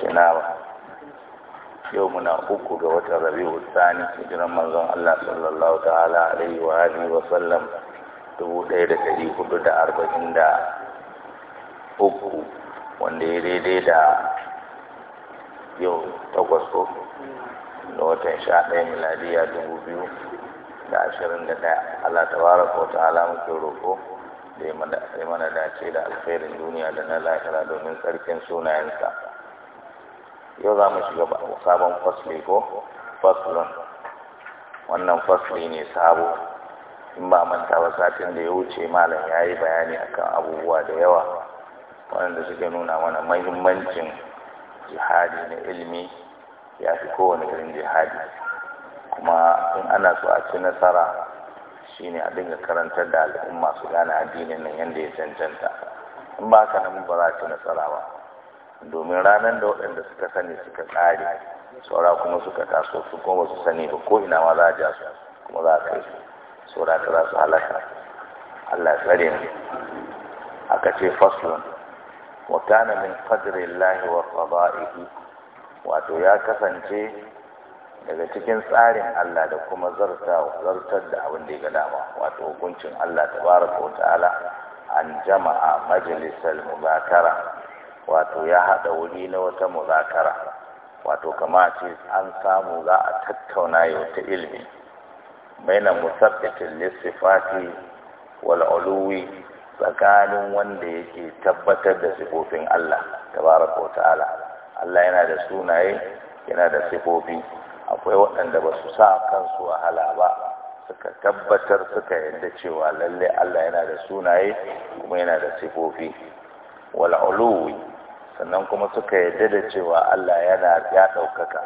tunawa yau muna uku ga watan rabi'u su jiran manzon Allah sallallahu ta'ala alaihi wa alihi wa sallam uku, wanda ya daidai da yau takwas ko da watan sha ɗaya miladiya dubu biyu da ashirin da ɗaya Allah tabaraka wa ta'ala muke roƙo da ya mana dace da alfairin duniya da na lahira domin tsarkin sunayensa yau za mu shiga sabon fasli ko faslun wannan fasli ne sabo in ba manta ba satin da ya wuce malam ya yi bayani akan abubuwa da yawa waɗanda suke nuna mana mahimmancin jihadi na ilimi ya fi kowane irin jihadi kuma in ana so a ci nasara ne a dinga karantar da al'umma su gane addinin nan yadda ya cancanta in ba ka nan ba za ci nasara ba domin ranar da waɗanda suka sani suka tsare saura kuma suka taso su kuma su sani ba ko ina ma za a su kuma za a kai su saura ta za su halaka Allah tsare ne aka ce faslun wa min qadri llahi wa qada'ihi wato ya kasance daga cikin tsarin Allah da kuma zartar da abin da ya ga dama wato hukuncin Allah tabaraka wa ta'ala an jama'a majalisal mubakara wato ya haɗa wuri na wata muzakara wato kama ce an samu za a tattauna yau ta ilimi maina musabbatin lissifati wal uluwi tsakanin wanda yake tabbatar da sifofin Allah tabaraka ta'ala Allah yana da sunaye yana da sifofi akwai waɗanda ba su sa kansu wahala ba suka tabbatar suka yadda cewa lalle Allah yana da sunaye kuma yana da sifofi wal sannan kuma suka yarda da cewa Allah yana ya ɗaukaka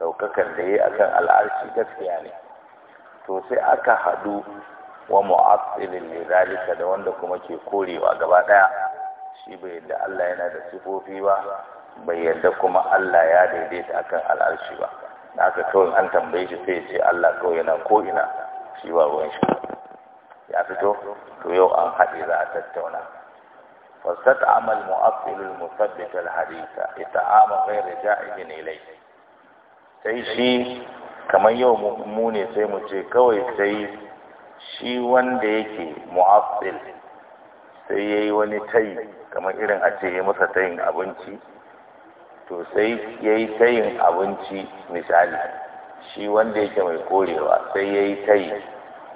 ɗaukakan da ya yi akan al'arci gaskiya ne to sai aka haɗu wa mu'assilin lidalika da wanda kuma ke korewa gaba ɗaya shi bai yarda Allah yana da sifofi ba bai yarda kuma Allah ya daidaita akan al'arci ba Na aka kawai an tambaye shi sai ce Allah kawai yana ko'ina, ina shi ba ruwan shi ya fito to yau an haɗe za a tattauna واستطعم المؤصل المثبت الحديث اتعام غير جائز إليه sai shi kamar yau mu ne sai mu ce kawai sai shi wanda yake mu'assil sai yayi wani tayi kamar irin a ce yayi masa tayin abinci to sai yayi tayin abinci misali shi wanda yake mai korewa sai yayi yi tayi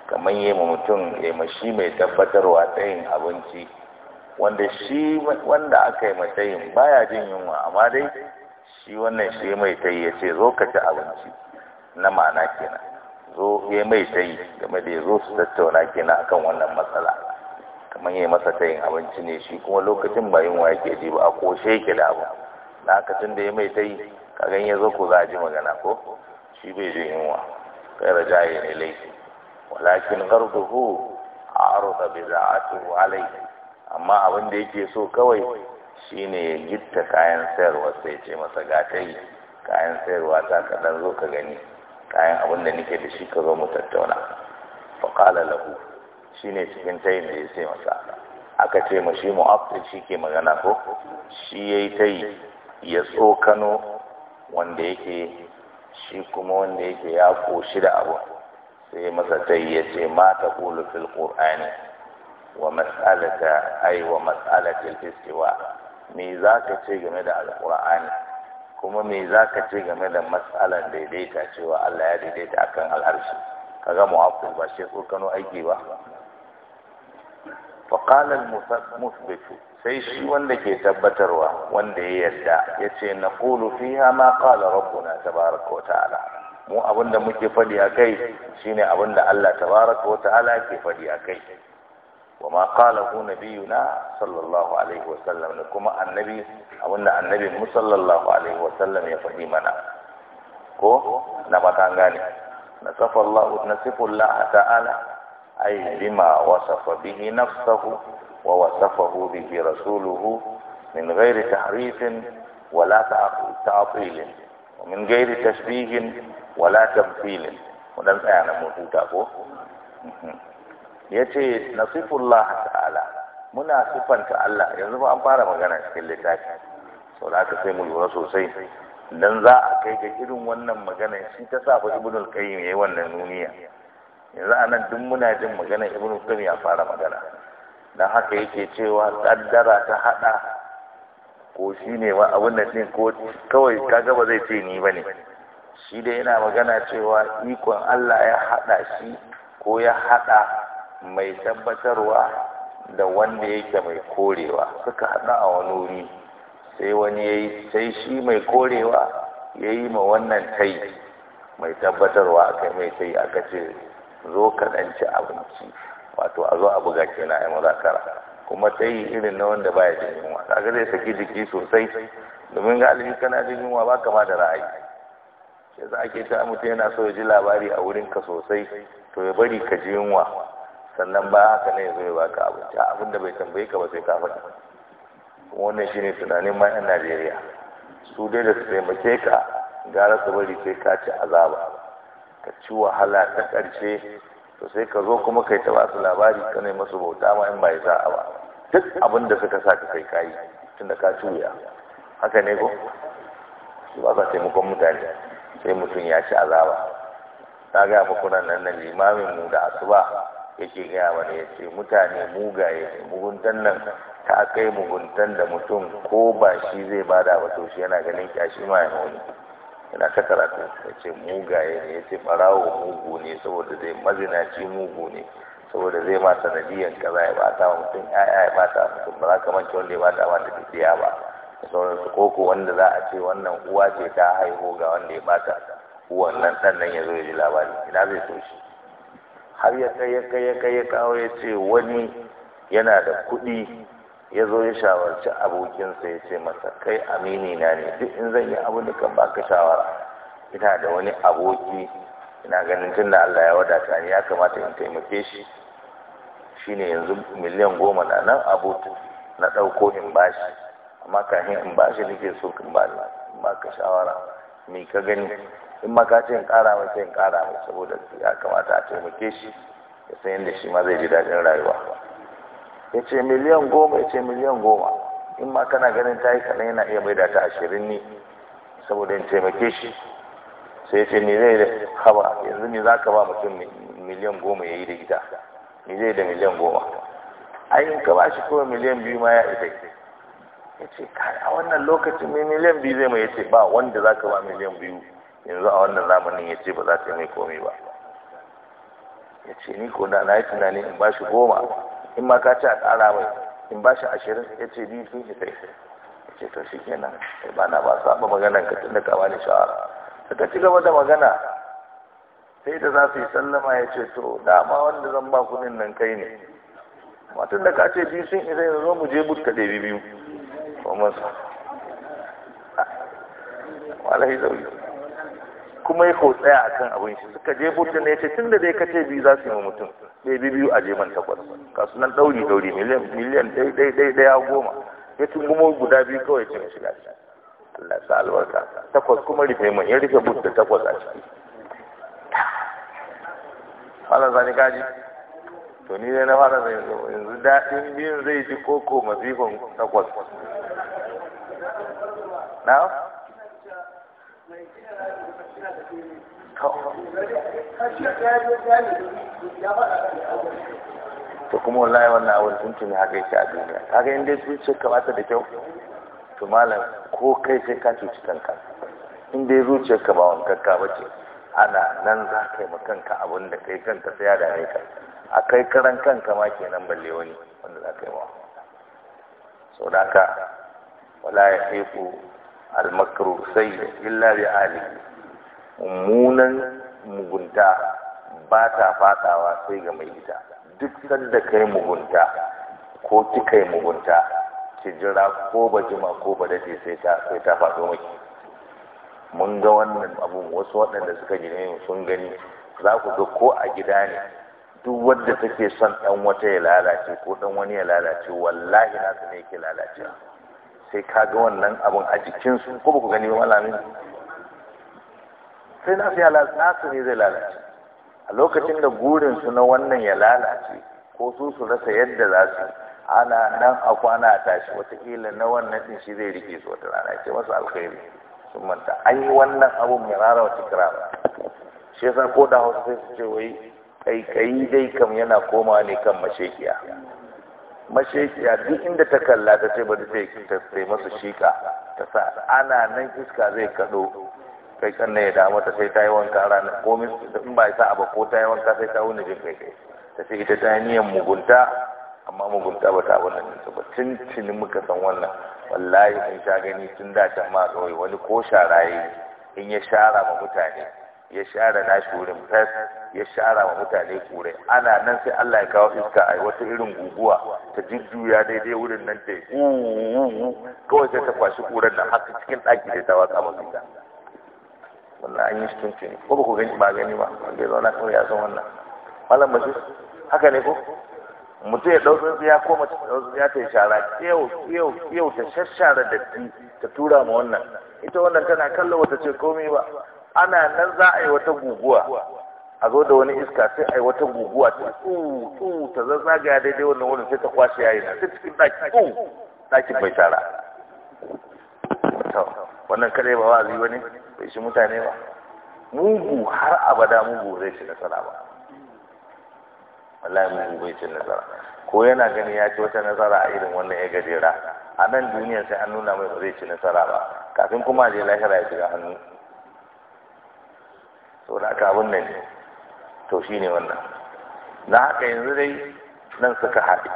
kamar mutum ya shi mai tabbatarwa tayin abinci wanda shi wanda aka yi baya jin yunwa amma dai shi wannan shi mai tayi ya ce zo ka ci abinci na ma'ana kenan zo ya mai tayi game da ya zo su tattauna kenan akan wannan matsala kamar ya masa tayin abinci ne shi kuma lokacin ba yunwa yake ji ba a koshe yake da abu lokacin da ya mai tayi kagan ya zo ko za a ji magana ko shi bai jin yunwa kai rajaye ne laifi walakin garduhu a arda bi za'atu alaihi amma abin da yake so kawai shine ya gitta kayan sayarwa sai ce masa gatayi kayan sayarwa ta kadan zo ka gani kayan abin da nake da shi ka zo mu tattauna faƙala lahu shi ne cikin tayin da ya ce masa aka ce ma shi mu'abdin shi ke magana ko shi ya yi tayi ya tsokano wanda yake shi kuma wanda yake ya koshi da abu sai masa tayi ya ce ma ta fil qur'ani wa mas'alata ay wa mas'alatil istiwa me zaka ce game da al'ƙur'ani? kuma me zaka ce game da mas'alan daidaita cewa Allah ya daidaita akan al'arshi kaga mu'affil ba shi kokano aiki ba fa qala al sai shi wanda ke tabbatarwa wanda ya yarda yace naqulu fiha ma qala rabbuna tabaaraka wa ta'ala mu abinda muke fadi akai shine abinda Allah tabaaraka wa ta'ala ke fadi kai. wa ma qalahu nabiyuna sallallahu alaihi wa sallam, da kuma annabi abinda annabi mu sallallahu alaihi wa sallam, ya faɗi mana ko na batan gane na nasafa Allah nasifu Allah ta'ala ay bima wasafa bihi nafsuhu wa wasafahu bihi rasuluhu min ghairi tahrifin wala ta'til wa min ghairi tashbihin wala tamthil wadan tsaya na mututa ko Ya ce, yace nasifullah ta'ala muna sifanta Allah yanzu ba an fara magana cikin littafi sau da aka sai mu lura sosai dan za a kai ga irin wannan magana shi ta sa fa ibnul qayyim yayi wannan nuniya yanzu anan duk muna jin magana ibnul qayyim ya fara magana dan haka yake cewa kaddara ta haɗa ko shine wa abin da din ko kawai kaga ba zai ce ni bane shi dai yana magana cewa ikon Allah ya haɗa shi ko ya haɗa. mai tabbatarwa da wanda yake mai korewa suka haɗu a wani wuri sai wani ya yi sai shi mai korewa ya yi ma wannan tai mai tabbatarwa kai mai tai aka ce zo ka abinci wato a zo a buga kenan yi muzakara kuma tai irin na wanda baya jin yunwa kaga zai saki jiki sosai domin galibi kana jin yunwa ba kama da ra'ayi yanzu ake ta mutum yana so ya ji labari a wurinka sosai to ya bari ka ji yunwa sannan ba haka ne zai baka abinci abin da bai tambaye ka ba sai ka faɗi wannan shine tunanin ma Najeriya su dai da su taimake ka gara su bari sai ka ci azaba ka ci wahala ta ƙarshe to sai ka zo kuma kai ta basu labari ka nemi su bauta ma in bai sa'a ba duk abin da suka sa ka kai kayi tunda ka ci wuya haka ne ko ba sa taimakon mutane sai mutum ya ci azaba ta gaya muku nan nan limamin mu da asuba yake gaya mana ya ce mutane mugaye muguntan nan ta kai muguntan da mutum ko ba shi zai bada ba to shi yana ganin kyashi ma ya wani yana ta karatu ya ce mugaye ne ya ce barawo mugu ne saboda zai mazinaci mugu ne saboda zai ma sanadiyan kaza ya bata wa mutum ya'ya ya bata mutum ba za ka manke wanda ya bata wa da tafiya ba sauransu ko wanda za a ce wannan uwa ce ta haihu ga wanda ya bata uwan nan ɗan nan ya zo ya ji labari ina zai so shi har ya kai ya kai ya kai ya kawo ya ce wani yana da kuɗi ya zo ya shawarci abokinsa ya ce masa kai amini na ne duk in zan yi abu da kan baka shawara ina da wani aboki ina ganin tun da Allah ya wadata ni ya kamata in taimake shi shine yanzu miliyan goma na nan abutu na ɗauko in bashi amma kafin in bashi nake so kan ba ka shawara me ka gani in ma ka ce in ƙara mai sai in ƙara mai saboda ya kamata a taimake shi ya san yadda shi ma zai ji daɗin rayuwa ya ce miliyan goma ya ce miliyan goma in ma kana ganin ta yi kaɗan yana iya maida ta ashirin ni saboda in taimake shi sai ya ce ni zai da haba yanzu ni za ka ba mutum miliyan goma ya yi da gida, ni zai da miliyan goma ayin ka ba shi kuma miliyan biyu ma ya isa ya ce a wannan lokacin mai miliyan biyu zai mai ya ce ba wanda za ka ba miliyan biyu yanzu a wannan zamanin ya ce ba za ta yi mai komai ba ya ce ni ko da na yi tunani in ba shi goma in ma ka ci a ƙara mai in ba shi ashirin ya ce biyu sun isa isa ya ce to shi kenan ya ba na ba su haɓa maganan ka tun da ka bani shawara suka ci gaba da magana sai da za su yi sallama ya ce to dama wanda zan ba kunin nan kai ne matun da ka ce biyu sun isa yanzu mu je but ka ɗebi biyu kuma su walahi zaune kuma ya ko tsaya a kan abin shi suka je bota ne ce tun da dai kace biyu za su yi mutum ɗaya biyu biyu a jeman takwas kasu nan ɗauri ɗauri miliyan ɗaya ɗaya goma ya gumo guda biyu kawai ce shiga gashi Allah sa albarka takwas kuma rufe man ya rufe bota takwas a ciki Allah zani gaji to ni dai na fara zai yanzu daɗin biyun zai ji koko masifin takwas na to kuma wallahi wannan awar sun tuni haka yake a duniya kaga in dai ce ka bata da kyau to malam ko kai sai ka cuci kanka in dai ce ka ba wankakka ba ce ana nan za ka yi kanka abin da kai kanka sai ya dame ka a kai karan kanka ma ke nan balle wani wanda za ka yi ma so da haka wala ya haifu almakaru sai illa bi alihi mummunan mugunta ba ta fadawa sai ga mai ita duk sanda kai mugunta ko kika yi mugunta ki jira ko ba jima ko ba dade sai ta sai ta faɗo miki mun ga wannan abu wasu waɗanda suka gine sun gani za ku ga ko a gida ne duk wanda take son ɗan wata ya lalace ko 'dan wani ya lalace wallahi nasu ne yake lalace, sai ka ga wannan abun a jikinsu ko ba ku gani ba malamin sai nasu ya nasu ne zai lalace a lokacin da gurin su na wannan ya lalace ko su su rasa yadda za su ana nan a kwana a tashi watakila na wannan din shi zai rike su wata rana ce masu alkhairi sun manta an yi wannan abun mai rara wata ba shi yasa ko da hausa sai su ce wai kaikayi dai kam yana koma ne kan mashekiya mashekiya duk inda ta kalla ta ce bari ce ta sai masu shika ta sa ana nan iska zai kaɗo kai kan ne ya damu ta sai ta yi wanka ranar komi in ba isa ba ko ta yi wanka sai ta wuni jin kai kai ta ce ita ta yi niyan mugunta amma mugunta ba ta wannan nan ba tun tuni muka san wannan wallahi in sha gani tun da can ma kawai wani ko sharaye in ya shara ma mutane ya share na shurin fes ya shara wa mutane kure ana nan sai Allah ya kawo iska a wata irin guguwa ta jujjuya daidai wurin nan ta yi kawai sai ta kwashi kuren nan haka cikin ɗaki da ta watsa masu wannan an yi shi tuntuni ko ba ku gani ba gani ba wanda ya zauna kawai ya san wannan malam bashi haka ne ko mutum ya ɗau ya koma ya ta ta yi shara yau yau yau ta shashara datti ta tura ma wannan ita wannan tana kallon wata ce komai ba ana nan za a yi wata guguwa a zo da wani iska sai a yi wata guguwa ta tsu ta zazzaga daidai wannan wurin sai ta kwashe yayi na sai cikin ɗaki tsu ɗakin bai shara wannan kare ba wa'azi wani bai shi mutane ba mugu har abada mugu zai ci nasara ba wallahi mugu bai ci nasara ko yana gani ya ci wata nasara a irin wannan ya gajera a nan duniya sai an nuna mai ba zai ci nasara ba kafin kuma je lahira ya shiga hannu So da aka abin nan to shi ne wannan na haka yanzu dai nan suka haɗe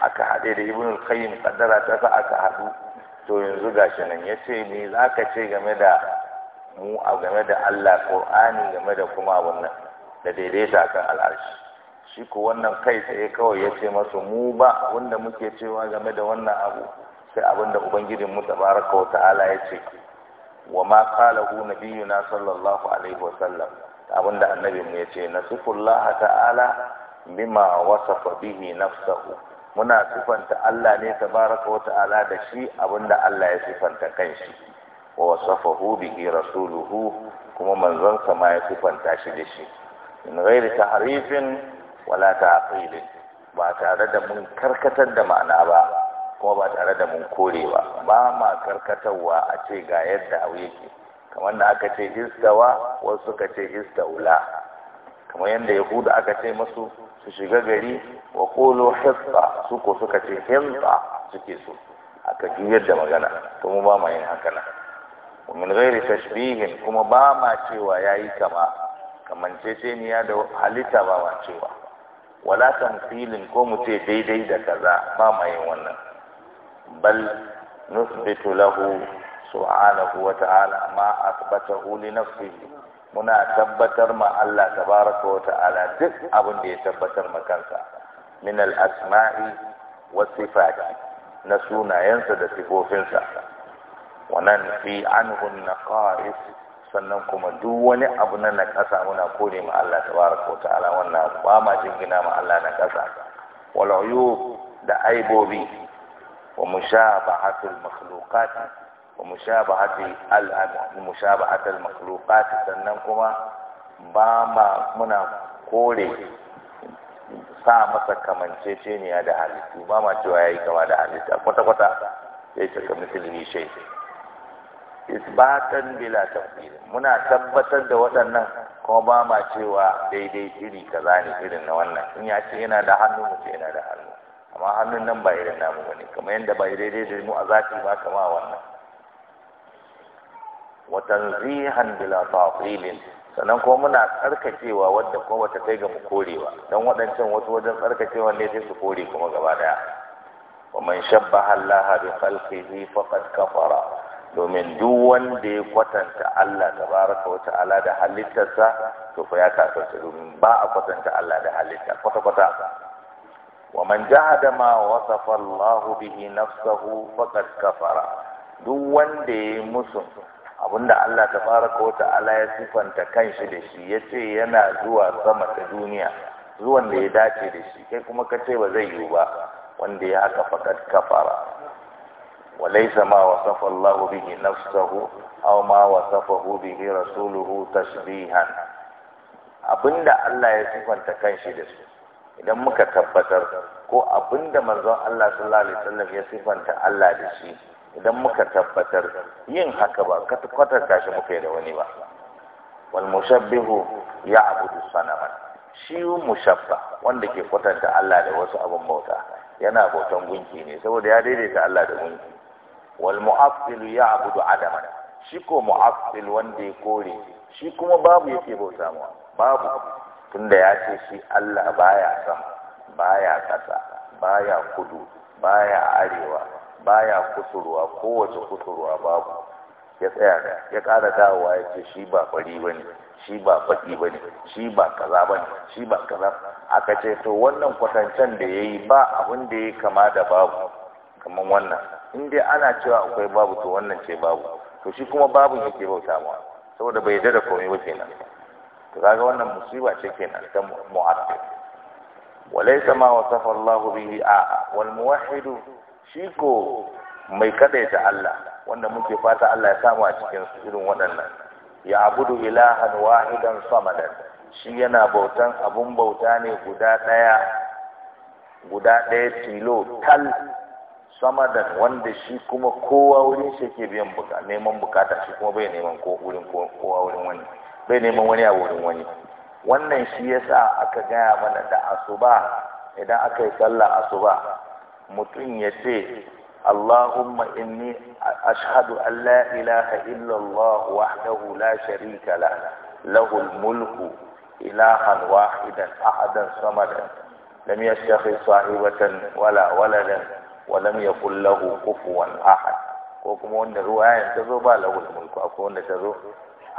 aka haɗe da ibn qayyim kaddara ta sa aka haɗu to yanzu gashi nan yace me zaka ce game da mu a game da Allah ƙur'ani game da kuma wannan da daidaita kan al'arshi shi ko wannan kai tsaye kawai ya ce masu mu ba wanda muke cewa game da wannan abu sai abin da ubangijin mu tabaraka wa ta'ala ya ce wa ma qalahu nabiyuna sallallahu alaihi wa sallam abin da annabi mu ya ce nasifullaha ta'ala bima wasafa bihi nafsahu muna sifanta Allah ne tabaraka wa ta'ala da shi abinda Allah ya sifanta kanshi wa wasafahu bihi rasuluhu kuma manzon sa ma ya sifanta shi da shi in ghairi ta'rifin wala ta'qilin ba tare da mun karkatar da ma'ana ba kuma ba tare da mun kore ba ba ma karkatarwa a ce ga yadda a yake kamar da aka ce istawa wasu suka ce istaula kamar yadda yahuda aka ce masu su shiga gari wa kolo su ko suka ce hitsa suke so aka juyar da magana to mu ba ma yin haka nan wa min ghairi tashbihin kuma ba ma cewa yayi kama ya da halitta ba ma cewa wala tamthilin ko mu ce daidai da kaza ba ma yin wannan bal nusbitu lahu subhanahu wa ta'ala ma athbatahu li nafsihi muna tabbatar ma Allah tabaraka wa ta'ala duk abin da ya tabbatar ma kansa min al asma'i wa sifati na sunayensa da sifofinsa an hun na النقائص sannan kuma duk wani abu na nakasa muna kone ma Allah ta ko ta ta'ala wannan ba ma jingina ma Allah na ƙasa. wala uyub da aibobi wa mushabahatul makhluqat wa mushabahati al mushabahatul makhluqat sannan kuma ba ma muna kore sa masa kamanceceniya da halittu ba ma cewa yayi kama da halitta kwata kwata sai ta kamar ne shai isbatan bila tafsir muna tabbatar da waɗannan kuma ba ma cewa daidai iri kaza ne irin na wannan in ya ce yana da hannu mu ce yana da hannu amma hannun nan ba irin namu bane kamar yadda ba daidai da mu a zati ba kama wannan wa tanzihan bila tafsilin sannan kuma muna tsarkakewa wadda kuma bata kai ga mu korewa dan waɗancan wasu wajen tsarkakewa ne sai su kore kuma gaba daya wa man shabbaha Allah bi khalqihi faqad kafara domin duk wanda ya kwatanta Allah baraka wata ala da halittarsa to fa ya kasance domin ba a kwatanta Allah da halitta kwata kwata wa man jahada ma wasafa Allah bihi nafsahu faqad kafara duk wanda ya musu abinda Allah baraka wata ala ya sifanta kanshi da shi yace yana zuwa sama ta duniya zuwan da ya dace da shi kai kuma kace ba zai yiwu ba wanda ya haka faqad kafara وليس ما وصف الله به نفسه أو ما وصفه به رسوله تشبيها abinda Allah ya sifanta kanshi da su idan muka tabbatar ko abinda manzon Allah sallallahu alaihi wasallam ya sifanta Allah da shi idan muka tabbatar yin haka ba kwatar shi muka yi da wani ba wal mushabbihu ya'budu sanaman shi mushabba wanda ke kwatanta Allah da wasu abin bauta yana bautan gunki ne saboda ya daidaita Allah da gunki wal mu'assil ya'budu adaman shi ko mu'assil wanda ya kore shi kuma babu yake bauta mu babu tunda ya ce shi Allah baya zama, baya kasa baya kudu baya arewa baya kusurwa kowace kusurwa babu ya tsaya da ya ƙara dawo ya ce shi ba fari ba ne shi ba faɗi ba ne shi ba kaza ba ne shi ba kaza aka ce to wannan kwatancen da ya yi ba abin da ya kama da babu kamar wannan in dai ana cewa akwai babu to wannan ce babu to shi kuma babu yake bauta ma saboda bai yarda da komai ba kenan to kaga wannan musiba ce kenan ta mu'addil walaysa ma wasafa Allahu bihi a wal muwahhid shi ko mai kadaita Allah wanda muke fata Allah ya samu a cikin irin waɗannan ya abudu ilahan wahidan samadan shi yana bautan abun bauta ne guda ɗaya guda ɗaya tilo tal sama wanda shi kuma kowa wurin shi ke biyan buka neman bukata shi kuma bai neman ko wurin wani a wurin wani wannan shi yasa aka gaya mana da asuba idan aka yi sallah asuba mutum ya ce Allahumma inni ashhadu an la ilaha illa Allah wahdahu la sharika la lahul mulku ilahan wahidan ahadan samadan lam yastahi sahibatan wala waladan walam yakul lahu kufuwan ahad ko kuma wanda ruwayan ta zo ba lahul mulku ko wanda ta zo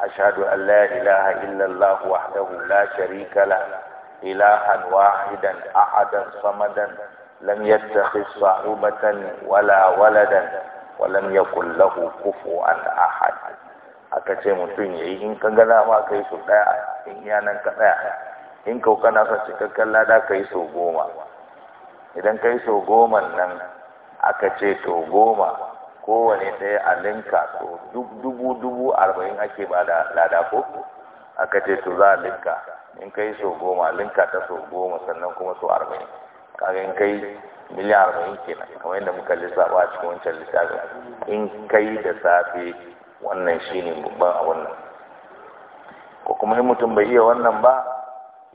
ashhadu an la ilaha illallah wahdahu la sharika la ilahan wahidan ahadan samadan lam yattakhidh sahibatan wala waladan walam yakul lahu kufuwan ahad aka ce mutum ya yi in ka gana ma kai su daya in ya nan ka daya in kau kana son cikakken lada kai so goma idan kai so goma nan aka ce to goma kowane ɗaya a linka to dubu dubu arba'in ake ba da lada ko aka ce to za a linka in kai so goma linka ta so goma sannan kuma so arba'in kaga in kai miliyan arba'in nan kamar yadda muka lissafa a cikin wancan lissafin in kai da safe wannan shine babban a wannan ko kuma in mutum bai iya wannan ba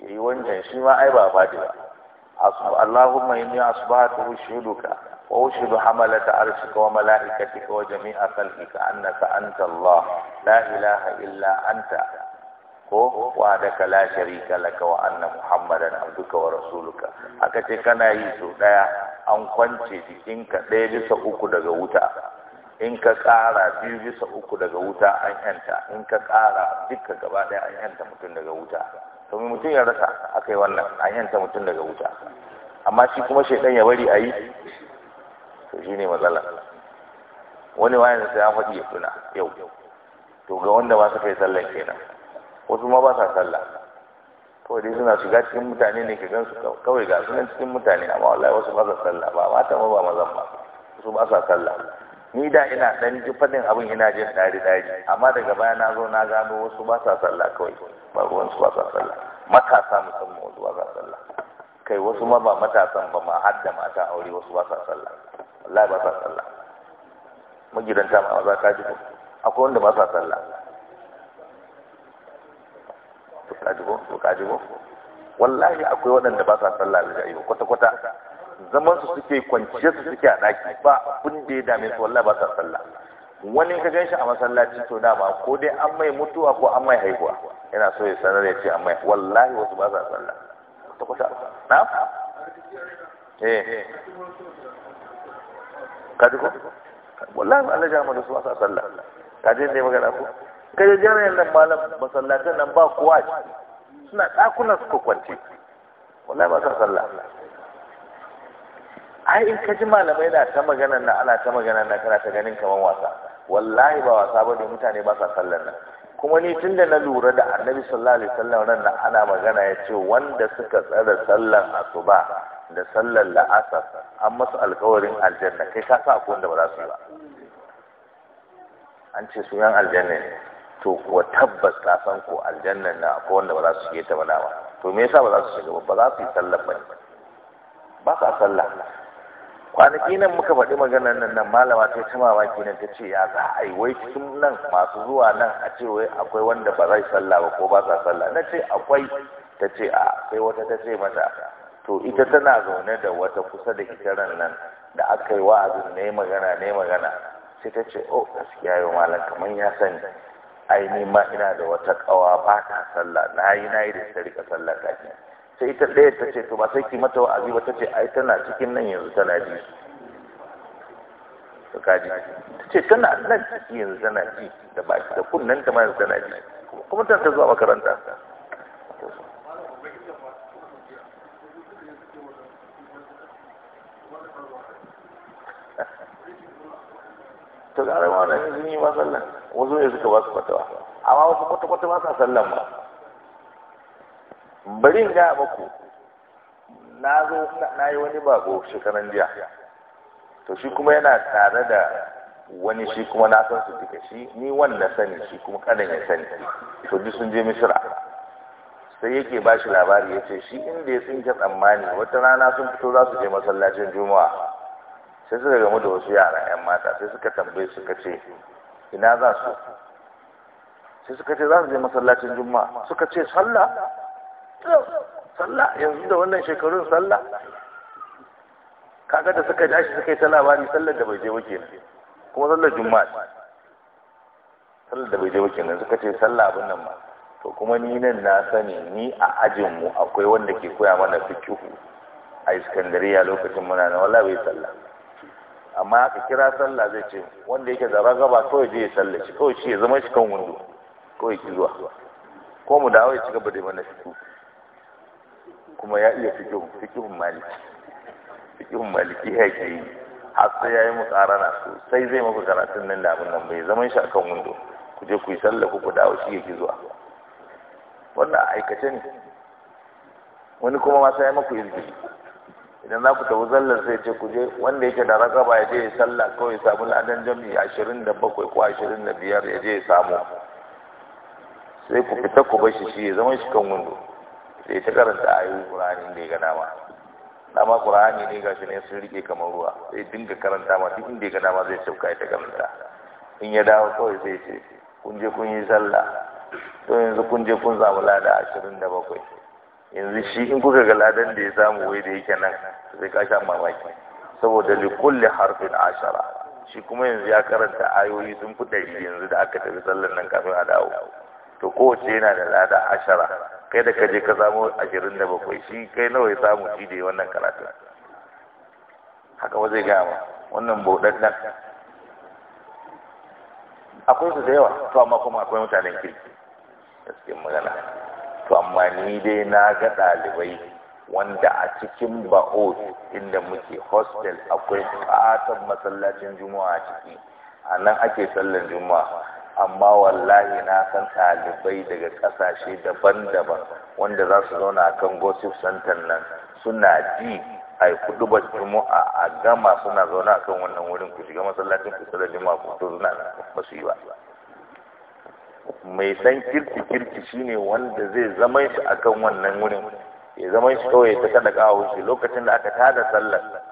ya yi wancan shi ma ai ba fadi ba Allahumma inni asbahatu shuduka وأشهد حملة عرشك وملائكتك وجميع خلقك أنك أنت الله لا إله إلا أنت وحدك لا شريك لك وأن محمدا عبدك ورسولك akace kana yi so ɗaya. an kwance jikinka ɗaya bisa uku daga wuta in ka ƙara biyu bisa uku daga wuta an yanta in ka ƙara duka gaba ɗaya an yanta mutum daga wuta to mutum ya rasa aka yi wannan an yanta mutum daga wuta amma shi kuma shaidan ya bari a yi to shi ne matsala wani wayan sai an faɗi ya tuna yau to ga wanda ba su kai sallan kenan wasu ma ba sa sallah kawai dai suna shiga cikin mutane ne ka gan su kawai ga sunan cikin mutane amma wallahi wasu ba sa sallah ba mata ma ba mazan ba wasu ba sa sallah ni da ina ɗan ji faɗin abin ina jin ɗari ɗari amma daga baya na zo na gano wasu ba sa sallah kawai ba ruwan su ba sa sallah matasa musamman wasu ba sa sallah kai wasu ma ba matasan ba ma har da mata aure wasu ba sa sallah Allah ba sa sallah magidanta ma maza ka ji ko akwai wanda ba sa sallah to ka ji ko to ka ji ko wallahi akwai waɗanda ba sa sallah da ayyuka kwata kwata zaman su suke kwanciya su suke a daki ba abin da ya dame su wallahi ba sa sallah wani ka gan shi a masallaci to dama ko dai an mai mutuwa ko an mai haihuwa yana so ya sanar ya ce an mai wallahi wasu ba sa sallah kwata kwata na eh Kaji ji ko wallahi Allah ya mu su wasa sallah kaji ne magana ko kaji ji jami'an nan malam masallatan nan ba kowa a ciki suna ɗakunan suka kwance wallahi ba sa sallah ai in ka ji malamai na ta magana na ana ta magana na kana ta ganin kamar wasa wallahi ba wasa ba ne mutane ba sa sallar nan kuma ni tun da na lura da annabi sallallahu alaihi wasallam nan ana magana ya ce wanda suka tsara sallar asuba da sallar la'asar an masu alkawarin aljanna kai ka sa akwai wanda ba za su yi ba an ce su yan aljanna ne to kuwa tabbas ka san ko aljanna na akwai wanda ba za su shiga ta ba dama to me yasa ba za su shiga ba za su yi sallar ba ba sa sallah kwanaki nan muka faɗi maganar nan nan malama ta ta mamaki nan ta ce ya za a yi wai cikin nan masu zuwa nan a ce wai akwai wanda ba zai sallah ba ko ba sa sallah na ce akwai ta ce a sai wata ta ce mata to ita tana zaune da wata kusa da ita ran nan da aka yi wa'azin ne magana ne magana sai ta ce oh gaskiya yau malam kaman ya sani ai ni ma ina da wata kawa ba ta sallah na yi na yi da ta rika sallah kafin sai ita ɗaya ta ce to ba sai ki mata wa'azi ba ta ce ai tana cikin nan yanzu tana ji To kaji ta ce tana nan yanzu tana ji da baki da kunnan ta ma yanzu tana ji kuma ta zuwa makaranta to ga ma da sun yi ma sallan wasu ne suka ba su fatawa amma wasu kwata kwata ba sa sallan ba bari ga muku na zo na yi wani bako shekaran jiya to shi kuma yana tare da wani shi kuma na san su duka shi ni wanda sani shi kuma kadan ya sani to duk sun je misira sai yake ba shi labari ya ce shi inda ya tsinke tsammani wata rana sun fito za su je masallacin juma'a sai suka gamu da wasu yara 'yan mata sai suka tambaye suka ce ina za su sai suka ce za su je masallacin juma suka ce sallah sallah yanzu da wannan shekarun sallah kaga da suka jashi suka yi ta labari sallar da bai je wake ne kuma sallar ne sallar da bai je wake ne suka ce sallah abin nan ma to kuma ni nan na sani ni a ajin mu akwai wanda ke koya mana fikihu a iskandariya lokacin muna na wallahi bai sallah amma aka kira sallah zai ce wanda yake da ragaba kawai zai sallaci kawai shi ya zama shi kan wando kawai ki zuwa ko mu dawo ya ci gaba da mana fito kuma ya iya fikihu fikihun maliki fikihun maliki ya ke yi har sai ya yi mu karana sosai zai maku karatun nan da abin nan bai zama shi a kan wando ku je ku yi sallah ku ku dawo shi ya ki zuwa wannan aikace ne wani kuma ma sai ya maku izini idan za ku tafi zallar sai ce ku je wanda yake da ragaba ya je ya sallah kawai ya samu ladan jami ashirin da bakwai ko ashirin da biyar ya je ya samu sai ku fita ku bashi shi ya zama shi kan wando. sai ta karanta ayu kurani da ya ga dama dama kurani ne shi ne sun rike kamar ruwa sai dinga karanta ma duk inda ya ga dama zai sauka ya ta karanta in ya dawo kawai sai ce kun je kun yi sallah to yanzu kun je kun samu lada ashirin da bakwai yanzu shi in kuka ga ladan da ya samu wai da yake nan zai kasha mamaki saboda li kulli harfin ashara shi kuma yanzu ya karanta ayoyi sun fi ɗari yanzu da aka tafi sallar nan kafin a dawo to kowace yana da lada ashara kai da kaje ka samu ashirin da bakwai shi kai nawa ya samu shi da wannan karatu haka ba zai gama wannan nan. akwai su da yawa to amma kuma akwai mutanen kirki gaskiyar magana to amma ni dai na ga ɗalibai wanda a cikin ba'o inda muke hostel akwai fatan masallacin juma'a ciki a nan ake sallan juma'a amma wallahi na san ɗalibai daga ƙasashe daban-daban wanda za su zauna a kan gossip center nan suna ji a yi kudu ba juma'a a gama suna zauna a kan wannan wurin ku shiga masallacin ku sallan juma'a ku to suna ba su yi ba mai san kirki kirki shine wanda zai zaman shi akan wannan wurin ya zaman shi kawai ta kada kawo shi lokacin da aka tada sallar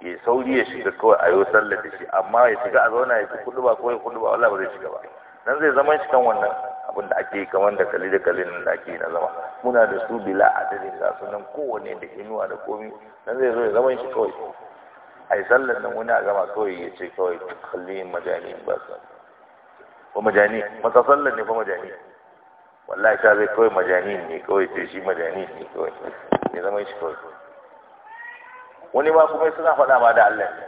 ya sauri ya shiga kawai a yau sallar da shi amma ya shiga a zauna ya fi kudu ba kawai kudu ba wala ba zai shiga ba nan zai zaman shi kan wannan abin da ake kamar da kalli da nan da ake na zama muna da su bila adadin ga su nan kowane da inuwa da komi nan zai zo ya zaman shi kawai a yi sallar nan wani a gama kawai ya ce kawai kalli majani ba su ko majani matasallan ne ko majani wallahi ta zai kawai majani ne kawai sai shi majani ne kawai ne zama shi kawai wani ba kuma suna faɗa ma da Allah ne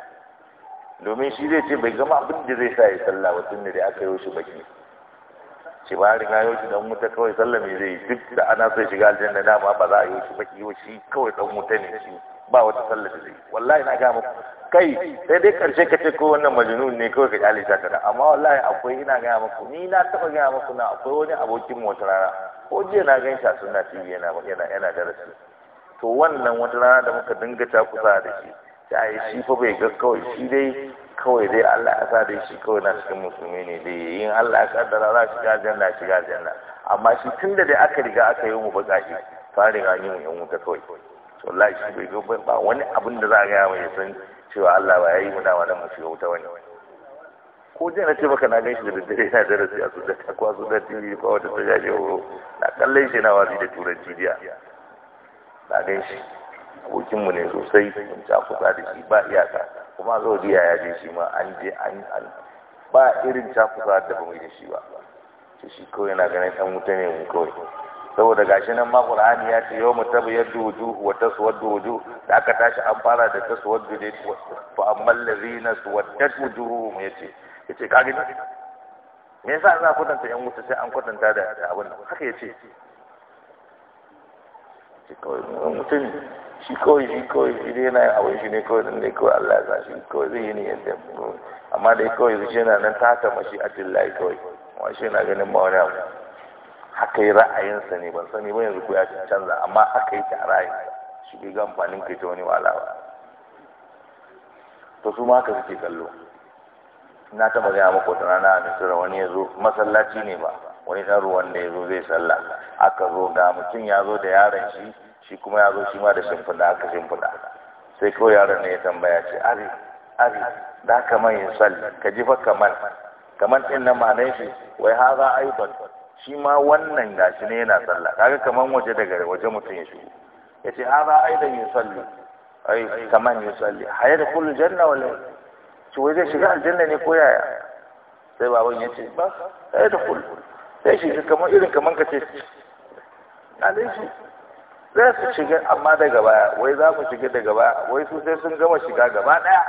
domin shi zai ce bai gama abin da zai sa ya sallah ba tun da aka yi shi baki shi ba ya yau shi dan wuta kawai sallah me zai duk da ana so shiga aljanna dama ba za a yi shi baki yau shi kawai dan wuta ne shi ba wata sallah da zai wallahi na ga muku kai sai dai karshe ka ce ko wannan majnun ne kawai ka kyale ta kada amma wallahi akwai ina gaya maku ni na taba gaya maku na akwai wani abokin mu wata rana ko jiya na gan shi suna TV yana yana yana darasi to wannan wata rana da muka dinga ta kusa da shi sai shi fa bai ga kawai shi dai kawai dai Allah ya sa dai shi kawai na cikin musulmi ne dai yin Allah ya kaddara za shiga janna shiga janna amma shi tunda dai aka riga aka yi mu bazaki ta ga ni mu yan wuta kawai lai shi bai ga ba wani abin da za a ga mai san cewa Allah ba ya yi muna wani mafi wuta wani ko je na ce maka na gan shi da daddare yana darasi a sudan ta kwa sudan tv ko wata ta jaje wuro oh, na kallon shi na wazi da turanci jiya na gan shi abokinmu ne sosai mun ci kusa da shi ba iyaka kuma a biya ya yaje shi ma an je an an ba irin cakusa da ba mu da shi ba shi kawai na ganin ɗan wuta ne mu kawai saboda gashi nan ma qur'ani ya ce yawma tabyaddu wujuhu wa taswaddu wujuh da aka tashi an fara da taswaddu ne to amma allazina suwaddat wujuhum yace yace kage ne me yasa za ku tantance yan wuta sai an kwatanta da abin nan haka yace shi kawai mutum shi kawai shi kawai shi dai yana abin shi ne kawai ne kawai Allah ya sa shi kawai zai yi ne yadda amma dai kawai shi yana nan ta mashi a tillahi kawai wa shi yana ganin ma wani abu haka yi ra'ayinsa ne ban sani ba yanzu ko ya canza amma haka yi a ra'ayinsa shi bai ga amfanin kai ta wani wala ba to su ma haka suke kallo na ta gaya ya mako rana a misira wani ya zo masallaci ne ba wani ɗan ruwan da ya zo zai sallah aka zo ga mutum ya zo da yaron shi shi kuma ya zo shi ma da shimfiɗa aka shimfiɗa sai kawai yaron ne ya tambaya ce ari ari da kamar yin sallah ka ji fa kamar kamar ɗin nan ma'anar shi wai ha za a yi shi ma wannan gashi ne yana sallah kaga kaman waje daga waje mutum ya shigo yace aida ya salli, ai kaman ya haya da kullu janna wala to wai zai shiga aljanna ne ko yaya sai baban yace ba haya da kullu sai shi kaman irin kaman kace alai shi za su shiga amma daga baya wai za mu shiga daga baya wai su sai sun gama shiga gaba daya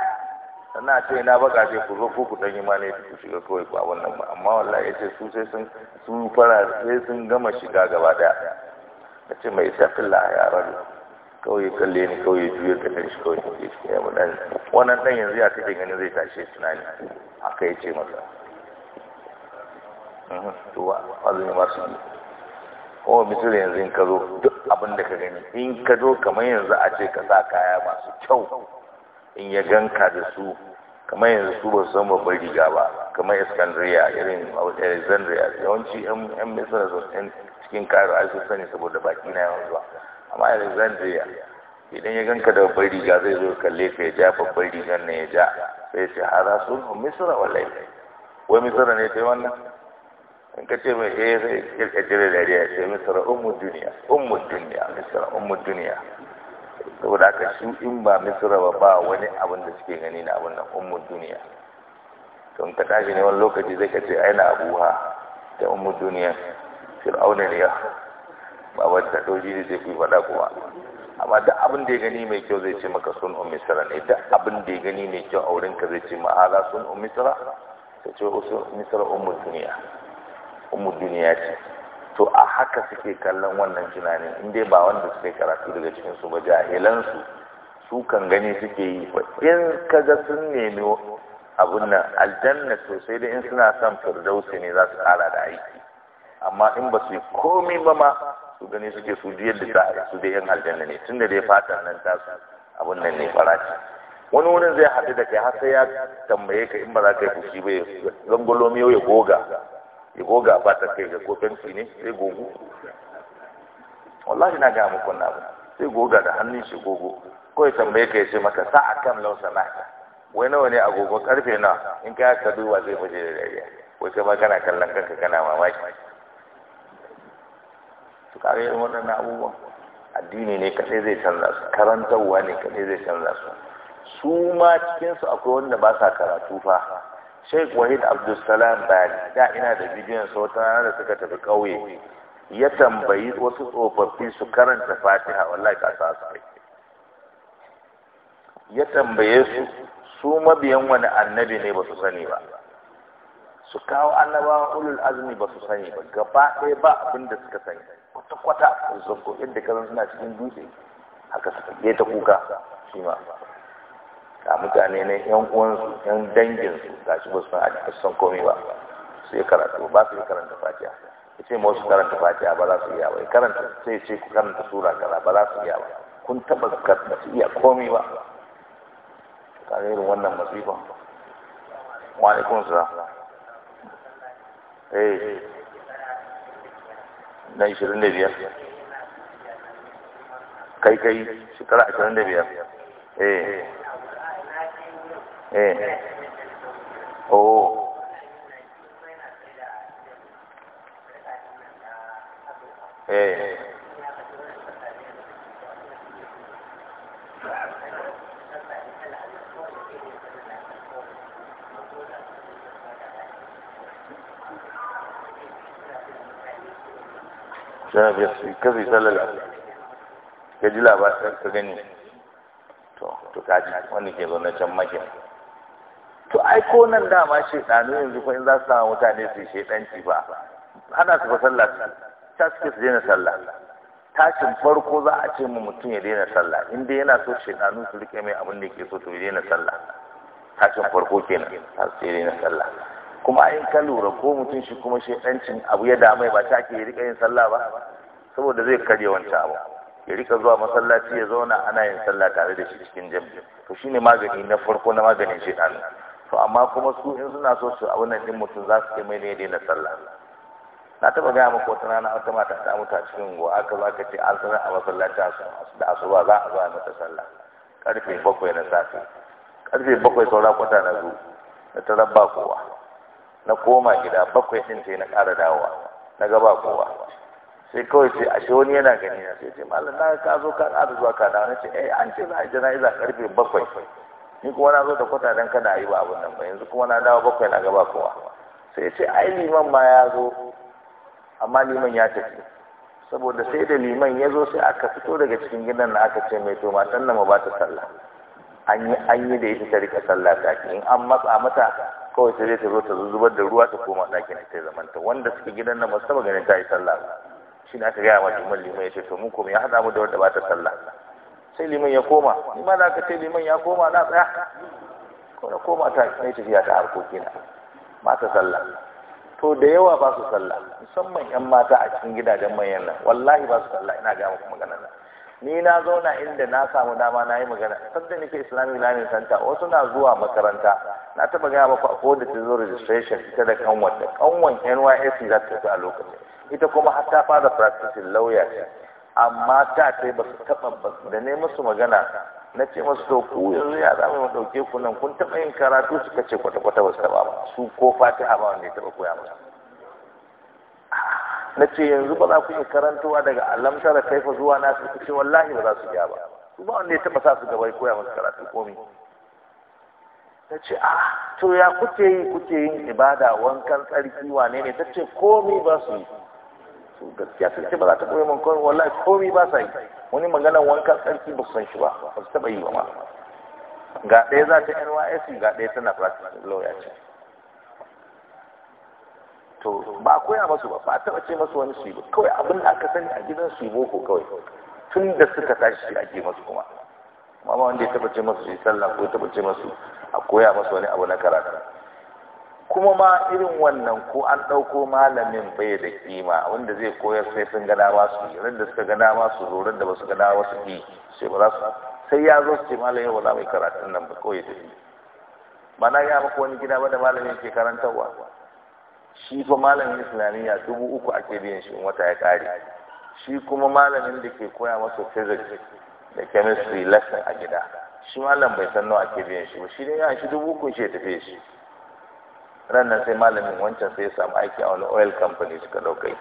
sannan a ce ina baka ce ku zo ko ku dan yi mane ku shiga kawai ku a wannan ba amma wallahi ce su sai sun su fara sai sun gama shiga gaba daya ce mai filla a rabu kawai kalle ni kawai juya ka tashi kawai ku ce ya mu dan wannan dan yanzu ya kake ganin zai tashi tunani haka ce masa mhm, to wa azumi masu ko misali yanzu in ka zo duk abin da ka gani in ka zo kamar yanzu a ce ka sa kaya masu kyau in ya ganka da su kamar yanzu su ba su san babbar riga ba kamar iskandariya irin alexandria yawanci yan misira sun cikin karo a sun sani saboda baki na yawan zuwa amma alexandria idan ya ganka da babbar riga zai zo kalle ka ya ja babbar rigar na ya ja sai ce hada sun misira wallahi wai misira ne sai wannan in ka ce mai eh sai kirkirkirar da riya ce misira ummu duniya ummu duniya misira ummu duniya saboda aka shi in ba misira ba ba wani abin da suke gani na abin nan ummul duniya to ta tashi ne wani lokaci zai kace aina abuha ta ummul duniya fir'auna ne ya ba wanda doji ne zai ku faɗa kuma amma duk abin da ya gani mai kyau zai ce maka sun Umar Misira ne duk abin da ya gani mai kyau a wurinka zai ce ma'ala sun Umar Misira. ta ce usul misra ummul duniya ummul duniya ce to a haka suke kallon wannan tunanin in dai ba wanda suke karatu daga cikin su ba jahilan su su kan gani suke yi ba in kaga sun nemi abun nan aljanna to sai dai in suna son firdausi ne za su kara da aiki amma in ba su yi komai ba ma su gani suke su ji da za su dai yan aljanna ne tunda dai fatan nan ta su abun nan ne faraci wani wurin zai haɗu da kai har sai ya tambaye ka in ba za ka yi fushi ba ya zangolomiyo ya goga ya goga ba ta kai ga ko fenti ne sai gogo wallahi na ga muku na ba sai goga da hannun shi gogo ko ya tambaye ka ya ce maka sa'a kam lau sana'ata wai nawa ne agogo karfe na in ka ka duba zai fice da dariya wai kai ma kana kallon kanka kana mamaki to kare irin waɗannan abubuwan addini ne kaɗai zai canza su karantarwa ne kaɗai zai canza su su ma cikinsu akwai wanda ba sa karatu fa Sheikh Wahid Abdulsalam Bali da ina da bidiyon sa wata rana da suka tafi ƙauye ya tambayi wasu tsofaffi su karanta Fatiha wallahi ka sa su ya tambaye su su mabiyan wani annabi ne ba su sani ba su kawo annabawan ulul azumi ba su sani ba gaba ɗaya ba abin da suka sani kwata-kwata zanko inda kazan suna cikin dutse haka suka ta kuka shi ma ga mutane ne yan uwansu yan danginsu ga shi ba su san san komai ba su yi karatu ba su yi karanta fatiha ya ce masu karanta fatiha ba za su iya ba Ya karanta sai ce ku karanta sura kaza ba za su iya ba kun taba ba su iya komai ba kare irin wannan masifan wa alaikum salam eh na 25 kai kai shekara 25 eh eh oh eh su ji ka gani to to kaji wani ke zo na can makin to ai ko nan dama shaidanu yanzu ko in za su sa mutane su yi shaidanci ba hana su fa sallah ta suke su daina sallah tashin farko za a ce mu mutum ya daina sallah in dai yana so shaidanu su rike mai abin da ke so to ya daina sallah tashin farko kenan ta su ya daina sallah kuma in ka lura ko mutum shi kuma shaidancin abu ya mai ba ta ke rike yin sallah ba saboda zai karye wancan abu ya rika zuwa masallaci ya zauna ana yin sallah tare da shi cikin jam'i to shine magani na farko na maganin shaidanu to amma kuma su in suna so su abin nan din mutum za su kai mai ne daina sallah na taba gaya maka wata rana wata mata ta mutu a cikin go aka ba ka ce an sanar a masallaci da asuba za a zo a mata sallah karfe bakwai na safe karfe bakwai saura kwata na zo na tara ba kowa na koma gida bakwai din sai na ƙara dawowa na gaba kowa sai kawai sai shi wani yana gani na sai ce malam na ka zo ka ƙara zuwa ka dawo na ce eh an ce za a yi iza karfe bakwai ni kuma na zo da kwata dan kada yi ba abin nan ba yanzu kuma na dawo bakwai na gaba kowa sai sai ce ai liman ma ya zo amma liman ya tafi saboda sai da liman ya zo sai aka fito daga cikin gidan na aka ce mai to matan nan ba ta sallah an yi an yi da ita ta rika sallah ta ke in an matsa mata kawai sai ta zo ta zubar da ruwa ta koma ɗakin ta zama ta wanda suke gidan nan ba su taɓa ganin ta yi sallah shi ne aka gaya wa liman liman ya ce to mu kuma ya haɗa mu da wanda ba ta sallah sai liman ya koma ni ma zaka ka sai liman ya koma na tsaya ko na koma ta mai tafiya ta harkokina mata sallah to da yawa ba su sallah musamman yan mata a cikin gidajen manyan nan wallahi ba su sallah ina ga muku magana nan ni na zauna inda na samu dama na yi magana sanda nake islamic learning center wasu na zuwa makaranta na taba gaya maku a da ta zo registration ita da kanwan da kanwan nysc za ta tafi a lokacin ita kuma har ta fara practicing lawyer amma ta ta ba su taɓa ba da ne musu magana na ce masu to ku yanzu ya zama mu ɗauke ku nan kun taɓa yin karatu suka ce kwata-kwata ba su taɓa ba su ko fatiha ba wanda ya taɓa koya musu na ce yanzu ba za ku yi karantowa daga alamtara kaifa zuwa na su ce wallahi ba za su iya ba su ba wanda ya taɓa sa su gaba ya koya musu karatu komi ta ce a ah, to ya kuke yi kuke yin ibada wankan tsarki wane ne ta ce komi ba su yi su gaskiya sun ce ba za ta koyi mun kawai wallahi komai ba sa yi wani maganar wanka tsarki ba su san shi ba ba su taɓa yi ba ma ga ɗaya za ta nysc ga ɗaya tana practicing lawyer ce to ba a koya masu ba ba a taɓa ce masu wani suyi ba kawai abin da aka sani a gidan suyi yi boko kawai tun da suka tashi a ke masu kuma amma wanda ya taɓa ce masu su yi sallah ko ya taɓa ce masu a koya masu wani abu na karatu kuma ma irin wannan ko an ɗauko malamin bai da kima wanda zai koyar sai sun ga dama su yi da suka ga dama su zo da ba su ga dama su yi sai ba za su sai ya zo su ce malamin yau ba za mu yi karatun nan ba kawai tafi ba na gaya maka wani gida ba da malamin ke karantarwa shi fa malamin islamiyya dubu uku ake biyan shi in wata ya ƙare shi kuma malamin da ke koya masa physics da chemistry lesson a gida shi malam bai san nawa ake biyan shi ba shi ne ya shi dubu uku shi ya tafi shi ranar sai malamin wancan sai ya samu aiki a wani oil company suka ɗauka ya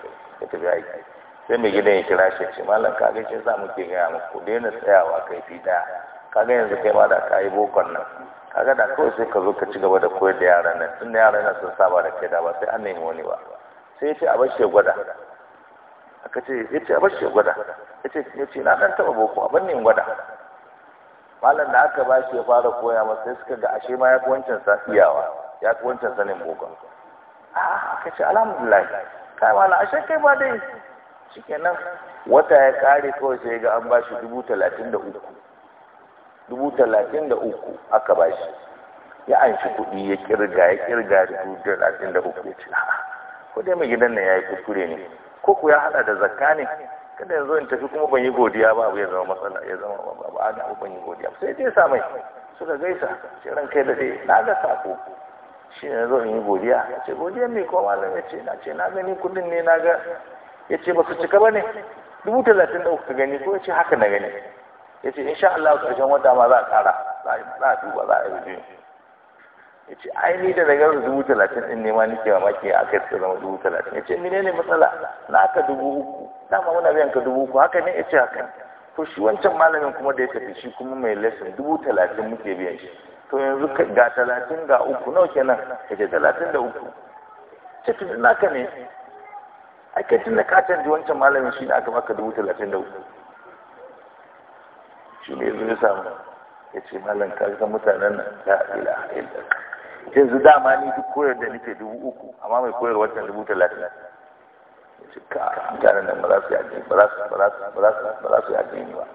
tafi aiki sai mai gidan ya kira shi ce malam ka ga shi samu ke gaya muku daina tsayawa kai fi daya ka ga yanzu kai ma da ka yi bokon nan ka ga da kawai sai ka zo ka ci gaba da koyar da yaran nan tun da yaran nan sun saba da kai da ba sai an nemi wani ba sai ya ce a bar shi gwada aka ce ya ce a bar shi gwada ya ce ya ce na dan taɓa boko a bar ni gwada malam da aka ba shi ya fara koya masa sai suka ga ashe ma ya fi wancan sa iyawa ya fi wancan sanin boko a ka ce alhamdulillah kai wala ashe kai ba dai shikenan wata ya kare kawai sai ga an bashi dubu talatin da uku dubu talatin da uku aka bashi ya an shi kuɗi ya kirga ya kirga dubu talatin da uku ya ce ko dai mai gidan nan ya yi kuskure ne ko ku ya hada da zakka ne kada yanzu in tafi kuma ban yi godiya ba abu ya zama matsala ya zama ba ba abu ban yi godiya sai dai sa mai suka gaisa sai ran kai da dai na ga sako shi ne zo in yi godiya ya ce godiya mai kowa malam ya ce na ce na gani kudin ne na ga ya ce ba su cika ba ne dubu talatin da uku gani ko ya ce haka na gani ya ce insha Allah ƙarshen wata ma za a ƙara za a duba za a yi biyu ya ce ai ni da daga dubu talatin din ne ma nake mamaki a kai suka zama dubu talatin ya ce mene ne matsala na aka dubu uku dama muna biyan ka dubu uku haka ne ya ce haka to shi wancan malamin kuma da ya tafi shi kuma mai lesson dubu talatin muke biyan shi to yanzu ga talatin ga uku nawa kenan kace talatin da uku ce to naka ne ake tun da katon ji wancan malamin shi ne aka baka dubu talatin da uku shi ne yanzu ya samu ya ce malam ka san mutanen nan la ila illa yanzu dama ni duk koyar da nake dubu uku amma mai koyar wancan dubu talatin ya ce ka mutanen nan ba za su yi ba za su ba za su ba za su yi addini ba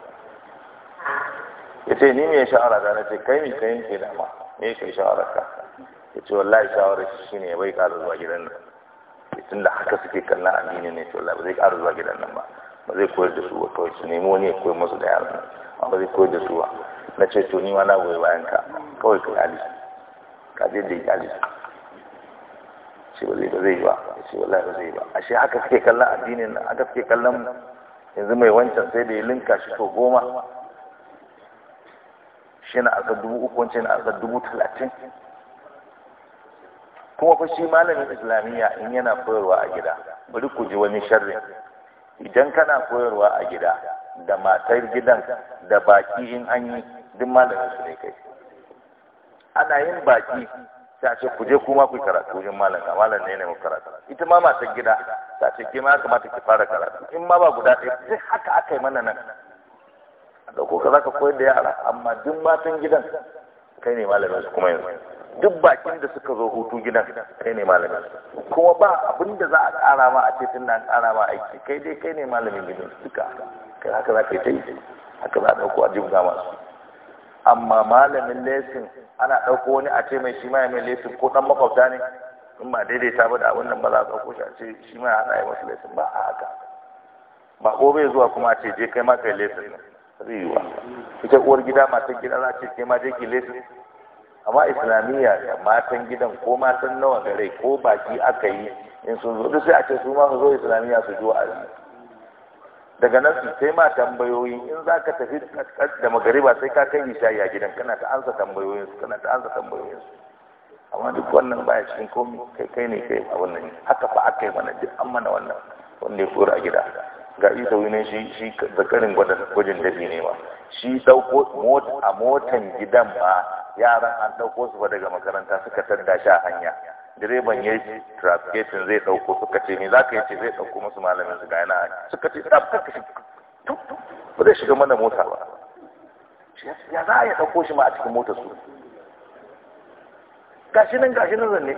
ya ni mai shawara da na ce kai mi ka da ma me kai shawara ka Yace ce wallahi shawarar shi ne ya bai ƙara zuwa gidan nan tun da haka suke kallon addini ne to wallahi ba zai ƙara zuwa gidan nan ba ba zai koyar da su ba kawai su nemo ne koyar musu da yaran nan ba zai koyar da su ba na ce to ni ma na goyi bayan ka kawai ka yali ka je da yali ce ba zai ba zai ba ce wallahi ba zai ba ashe haka suke kallon addinin nan haka suke kallon yanzu mai wancan sai da ya linka shi to goma shi na asar dubu uku wancan na asar dubu talatin kuma fa shi malamin islamiyya in yana koyarwa a gida bari ku ji wani sharrin idan kana koyarwa a gida da matar gidan da baki in an yi duk malamin su ne kai ana yin baki ta ce ku je kuma ku karatu in malam ga malam ne ne mu karatu ita ma matar gida ta ce ke ma kamata ki fara karatu in ma ba guda ɗaya duk haka aka yi mana nan da ko ka zaka koyar da yara amma duk matan gidan kai ne malamin su kuma yanzu duk bakin da suka zo hutu gidan kai ne malamin su kuma ba abin da za a kara ma a ce tun da kara ma aiki kai dai kai ne malamin gidan su duka kai haka za ka yi ta yi haka za a ɗauko a jibga masu amma malamin lesin ana ɗauko wani a ce mai shi ma ya mai lesin ko ɗan makwabta ne in ba daidaita ba da abin nan ba za a ɗauko shi a ce shi ma ya haɗa ya masu lesin ba a haka ba ko bai zuwa kuma a ce je kai ma kai lesin ne zai yiwa ita uwar gida matan gida za ce ma je ki lesu amma islamiyya da matan gidan ko matan nawa gare ko baki aka yi in sun zo duk sai a ce su ma su zo islamiyya su zo a daga nan su sai ma tambayoyi in za ka tafi da magariba sai ka kai nishayi a gidan kana ta ansa tambayoyin su kana ta ansa tambayoyin su amma duk wannan baya cikin komi kai kai ne kai a wannan haka fa aka yi mana duk an mana wannan wanda ya kura gida ga isa wani shi shi zakarin gwajin dafi ne ba. shi dauko a motan gidan ba, yaran an dauko su fa daga makaranta suka tanda shi a hanya direban ya yi trafiketin zai dauko suka ce ni zaka yace zai dauko musu malamin su ga yana suka ce dab ka shi ba zai shiga mana mota ba ya za a ya dauko shi ma a cikin motar su gashi nan gashi nan zanne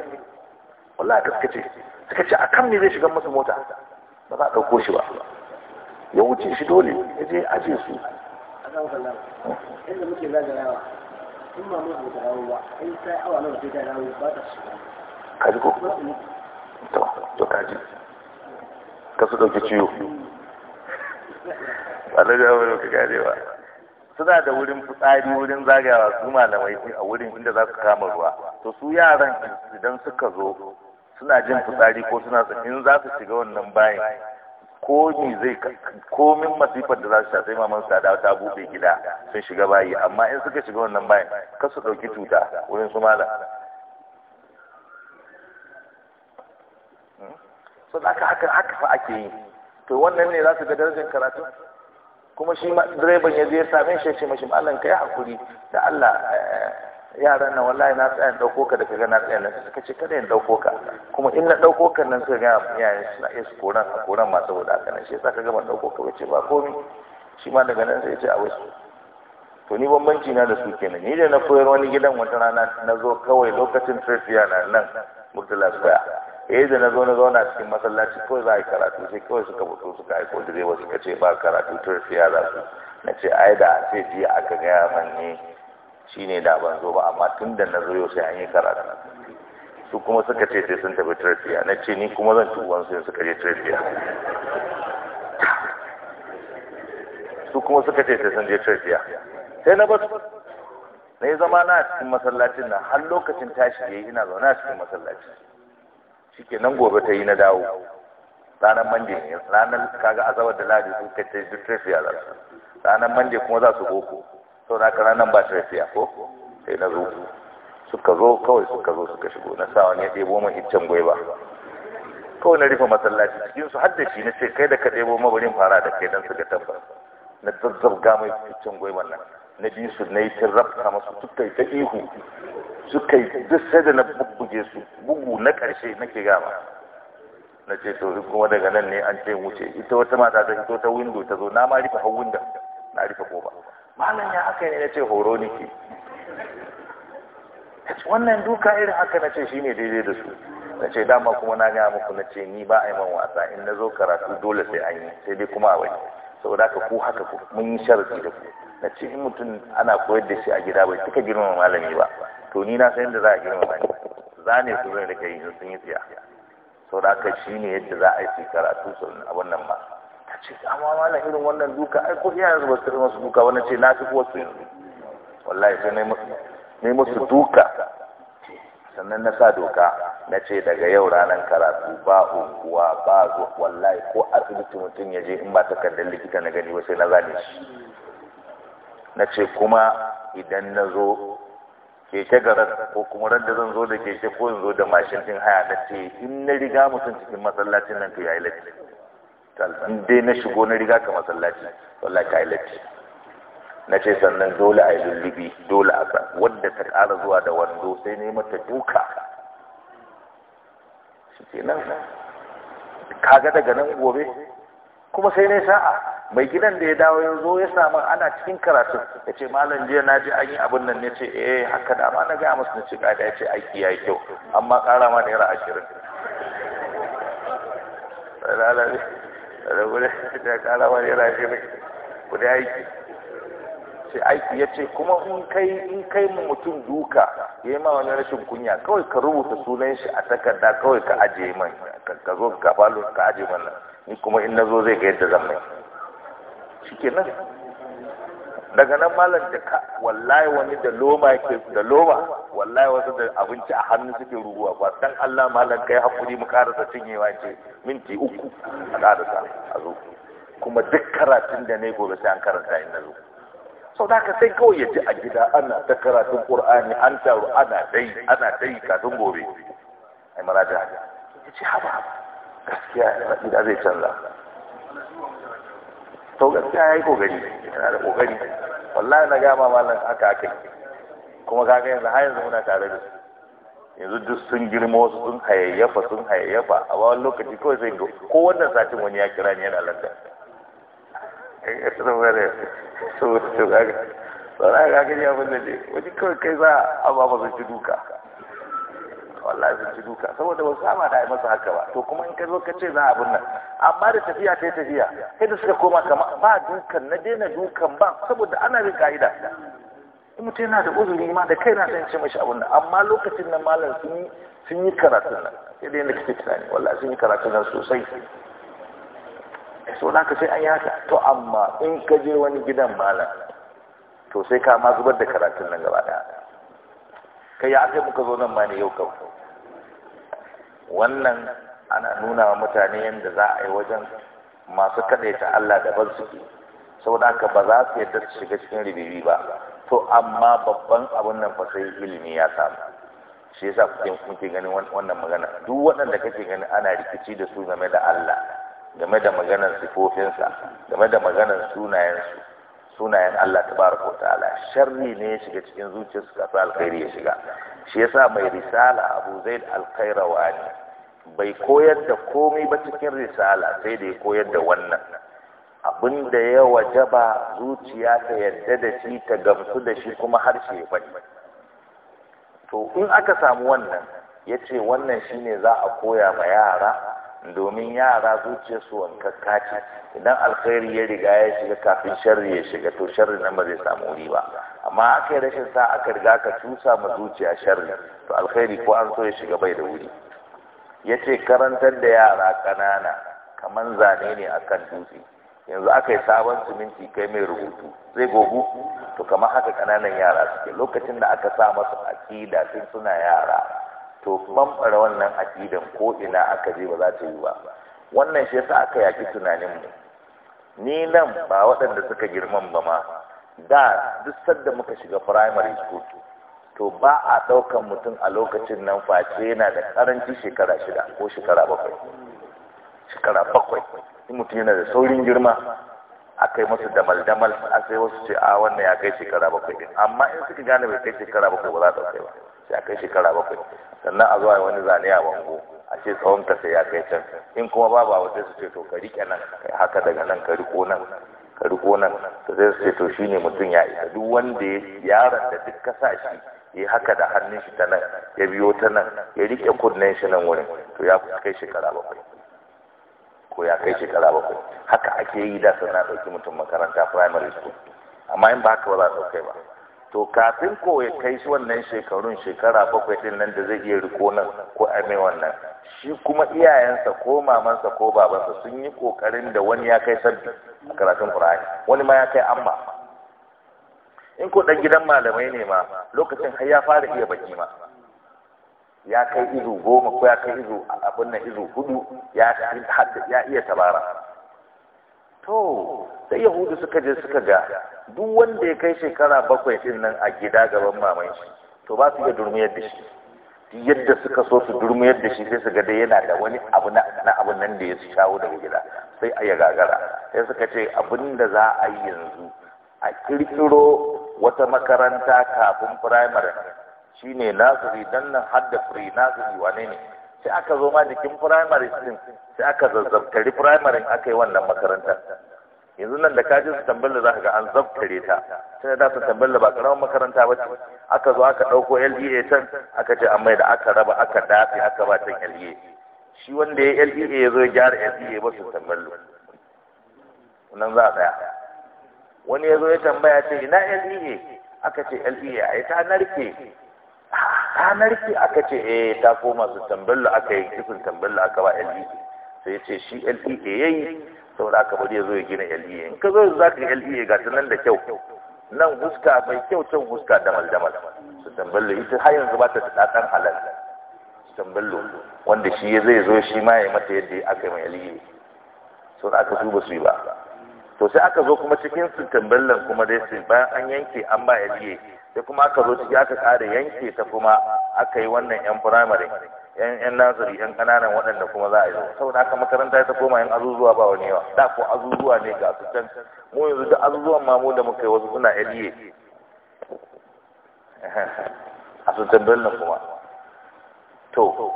wallahi kaskace suka ce a kan ne zai shiga musu mota ba za a ɗauko shi ba ya wuce shi dole ya je aje su inda muke zagarawa in ba mun abu da ba in ta awa nawa sai ta rawo ba ta shiga kaji ko to to ji. ka su dauki ciwo Allah ya wuri ka gane ba suna da wurin fitsari wurin zagayawa su malamai a wurin inda za su kama ruwa to su yaran idan suka zo suna jin fitsari ko suna in za su shiga wannan bayan komi zai komin masifar da za su shafi sai maman su ta buɗe gida sun shiga bayi amma in suka shiga wannan bayan ka su ɗauki cuta wurin su mala hmm? sun aka haka haka fa ake yi to wannan ne za su ga darajar karatu kuma shi direban ya je ya same shi ya ce mashi malam kai hakuri da Allah eh, yaran nan wallahi na tsaya in dauko ka da kaga na tsaya nan suka ce kada in dauko ka kuma in na dauko ka nan suka ga yayin suna iya su koran a koran masu saboda haka nan shi yasa kaga ban dauko ka bace ba komi shi ma daga nan sai ya ce a wasu to ni bambanci na da su kenan ni da na koyar wani gidan wata rana na zo kawai lokacin tafiya na nan murtala square eh da na zo na zauna cikin masallaci kawai za a yi karatu sai kawai suka fito suka ko direba suka ce ba karatu tafiya za su na ce ai da a ce jiya aka gaya man ne Shi ne da ban zo ba amma tun da na zoyo sai an yi karatu su kuma suka ce sai sun tafi trafiya na ce ni kuma zan tuban sai suka je trafiya su kuma suka ce sai sun je trafiya sai na ba na yi zama na cikin masallacin nan har lokacin tashi yi ina zaune a cikin masallaci ke nan gobe ta yi na dawo ranar manje ne ranar kaga asabar da ladi kai ta duk trafiya za su ranar manje kuma za su boko sau na nan ba rafiya ko sai na zo suka zo kawai suka zo suka shigo na sa wani ya ɗebo min iccen gwaiba kawai na rufe masallaci cikin su hadda shi na ce kai da ka ɗebo mabarin fara da kai don su ga tabbas na zazzabga mai iccen gwaiban nan na bi su na yi ta rabta masu suka yi ta ihu suka yi duk sai da na bubbuge su bugu na ƙarshe nake gama na ce to kuma daga nan ne an ce wuce ita wata mata ta fito ta windo ta zo na ma rufe hau window na rufe kofa malam ya aka ne na ce horo ke. wannan duka irin haka na ce shi ne daidai da su na ce dama kuma na gaya muku na ce ni ba a yi man wasa in na zo karatu dole sai an yi sai dai kuma a wani saboda haka ku haka ku mun yi sharadi da ku na ce in mutum ana koyar da shi a gida bai suka girmama malami ba to ni na san da za a girmama ni za ne su zai yi sun yi tsiya saboda haka shi ne yadda za a yi karatu sun abin ma aka ce amma malam irin wannan duka ai ko iyayen su ba su masu duka wani ce na fi wasu yanzu wallahi sai na musu duka sannan na sa doka na ce daga yau ranar karatu ba unguwa ba zo wallahi ko asibiti mutum ya je in ba takardar likita na gani ba sai na zane shi na ce kuma idan na zo keke garar ko kuma ran da zan zo da keke ko in zo da mashin din haya na ce in na riga mutum cikin masallacin nan to yi laifi sannan dai na shigo na riga ka masallaci wallahi ka yi latti na ce sannan dole a yi lullubi dole a sa wadda ta ƙara zuwa da wando sai ne mata duka shi ke nan kaga daga nan gobe kuma sai ne sa'a mai gidan da ya dawo ya zo ya samu ana cikin karatun ya ce malam jiya na ji an yi abin nan ya ce eh haka da ma na gaya masu na ce ƙada ya ce aiki ya yi kyau amma ƙara ma naira ashirin rabu da karawa rashe mai aiki sai aiki ya ce kuma in kai in kai mu mutum duka ya yi ma wani rashin kunya kawai ka rubuta sunan shi a takarda kawai ka aje man ka zo ka falo ka aje man ni kuma in nazo zai ga yadda zan mai shikenan daga nan malam da ka, wallahi wani da loma ke da loma wallahi wasu da abinci a hannu suke ruruwa ba dan Allah malam kai hakuri mu karasa cinyewa ce minti uku a karasa a zo kuma duk karatun da ne gobe sai an karanta in nazo. sau da sai kawai ya ji a gida ana ta karatun qur'ani an taru ana dai ana dai kafin gobe ai maraja ya ce haba gaskiya gida zai canza to gaskiya ya yi kogari yana da kokari wallahi na gama malam haka aka yi kuma kaga yanzu har yanzu muna tare da su yanzu duk sun girma wasu sun hayayyafa sun hayayyafa a wani lokaci kawai sai ko wannan satin wani ya kira ni yana landan sau eh, eh, da kaga sau da kaga ya abin da ne wani kawai kai za a ba masu duka wallahi sun ci duka saboda ba sama da ai masa haka ba to kuma in ka zo ka ce za a abun nan amma da tafiya ta tafiya sai da suka koma kama ba dukan na daina dukan ba saboda ana bin ka'ida in mutum yana da uzuri ma da kai na san ce mashi abun nan amma lokacin nan malam sun yi sun yi karatun nan sai da na kike tunani wallahi sun yi karatun nan sosai so da ka sai an yi haka to amma in ka je wani gidan malam to sai ka ma zubar da karatun nan gaba daya kai ya aka muka zo nan ma ne yau kawai wannan ana nuna wa mutane yadda za a yi wajen masu ta Allah da ban suke saboda haka ba za su yadda su shiga cikin ribibi ba to amma babban abun nan fa sai ilimi ya samu shi yasa kuke ganin wannan magana duk waɗanda kake ganin ana rikici da su game da Allah game da maganar sifofinsa game da maganar sunayensu sunayen Allah ta ko ta'ala. sharri ne ya shiga cikin zuciyarsu kafin alkhairi ya shiga shi yasa mai risala Abu Zaid al ne. bai koyar da komai ba cikin risala sai da ya koyar da wannan abin da ya wajaba zuciya ta yadda da shi ta gamsu da shi kuma harshe ya faɗi to in aka samu wannan yace wannan shine za a koya ma yara domin yara zuciya su wankakka idan alkhairi ya riga ya shiga kafin sharri ya shiga to sharri nan ba zai samu wuri ba amma aka yi rashin sa aka riga ka cusa ma zuciya sharri to alkhairi ko an so ya shiga bai da wuri ya ce karantar da yara ƙanana kamar zane ne a kan dutse yanzu aka yi sabon siminti kai mai rubutu zai gogu to kamar haka ƙananan yara suke lokacin da aka sa masu akida tun suna yara to bambara wannan aqidan ko ina aka je ba za ta yi ba wannan shi yasa aka yaki tunanin mu ni nan ba waɗanda suka girman ba ma da duk sanda muka shiga primary school to ba a ɗaukan mutum a lokacin nan face yana da ƙaranci shekara shida ko shekara bakwai shekara bakwai mutum yana da saurin girma aka yi masu damal-damal a sai wasu ce a wannan ya kai shekara bakwai din amma in suka gane bai kai shekara bakwai ba za ta kai ba sai a kai shekara bakwai sannan a zuwa wani zane a bango a ce tsawon ka sai ya kai can in kuma babu a waje su ce to ka rike nan kai haka daga nan ka riko nan ka riko nan to sai su ce to shine mutum ya isa duk wanda ya yaron da duk ka sa shi ya haka da hannun shi ta nan ya biyo ta nan ya rike kunnen shi nan wurin to ya kai shekara bakwai ko ya kai shekara bakwai haka ake yi da sana ɗauki mutum makaranta primary school amma in ba haka ba za a ba to kafin ko ya kai shi wannan shekarun shekara bakwai ɗin nan da zai iya riko nan ko a wannan shi kuma iyayensa ko mamansa ko babansa sun yi ƙoƙarin da wani ya kai sabbi a karatun ƙur'ani wani ma ya kai amma in ko ɗan gidan malamai ne ma lokacin har ya fara iya baki ma ya kai izu goma ko ya kai izu abin nan izu hudu ya iya tabara to sai yahudu suka je suka ga duk wanda ya kai shekara bakwai din nan a gida gaban maman shi to ba su iya durmiyar da shi yadda suka so su durmiyar da shi sai su ga dai yana da wani abu na abun nan da ya shawo daga gida sai a ya gagara sai suka ce abin da za a yi yanzu a kirkiro wata makaranta kafin firamare Shi ne naziri dan nan Hadda, firi fure naziri wane ne sai aka zo ma jikin firamare din sai aka zazzabtari firamare aka yi wannan makaranta yanzu nan da ka ji su tamballa za ka ga an zabtare ta tun da su tamballa ba karamar makaranta ba ce aka zo aka ɗauko LDA e can aka ce amma da aka raba aka dafe aka ba can LDA e shi wanda ya LDA e ya zo ya gyara LDA ba su tambayar. nan za a tsaya wani ya zo ya tambaya ce ina LDA aka ce LDA ai ta narke ranar ki aka ce eh ta koma su tamballa aka yi kisan tamballa aka ba LEA sai ya ce shi LEA yayi saboda aka bari ya zo ya gina LEA in ka zo za ka yi LEA ga ta nan da kyau nan huska mai kyau can huska damal damal su tamballa ita har yanzu ba ta da dan halal tamballa wanda shi zai zo shi ma ya mata yadda aka yi mai LEA da aka duba su yi ba to sai aka zo kuma cikin su tamballan kuma dai sai bayan an yanke an ba LEA sai kuma aka zo ciki aka ƙara yanke ta kuma aka yi wannan yan firamare yan yan nazari yan ƙananan waɗanda kuma za a yi saboda haka makaranta ta koma yan azuzuwa ba wani yawa da ko azuzuwa ne ga su can mu yanzu da azuzuwan ma mu da muka yi wasu suna e LA a su tambayar kuma to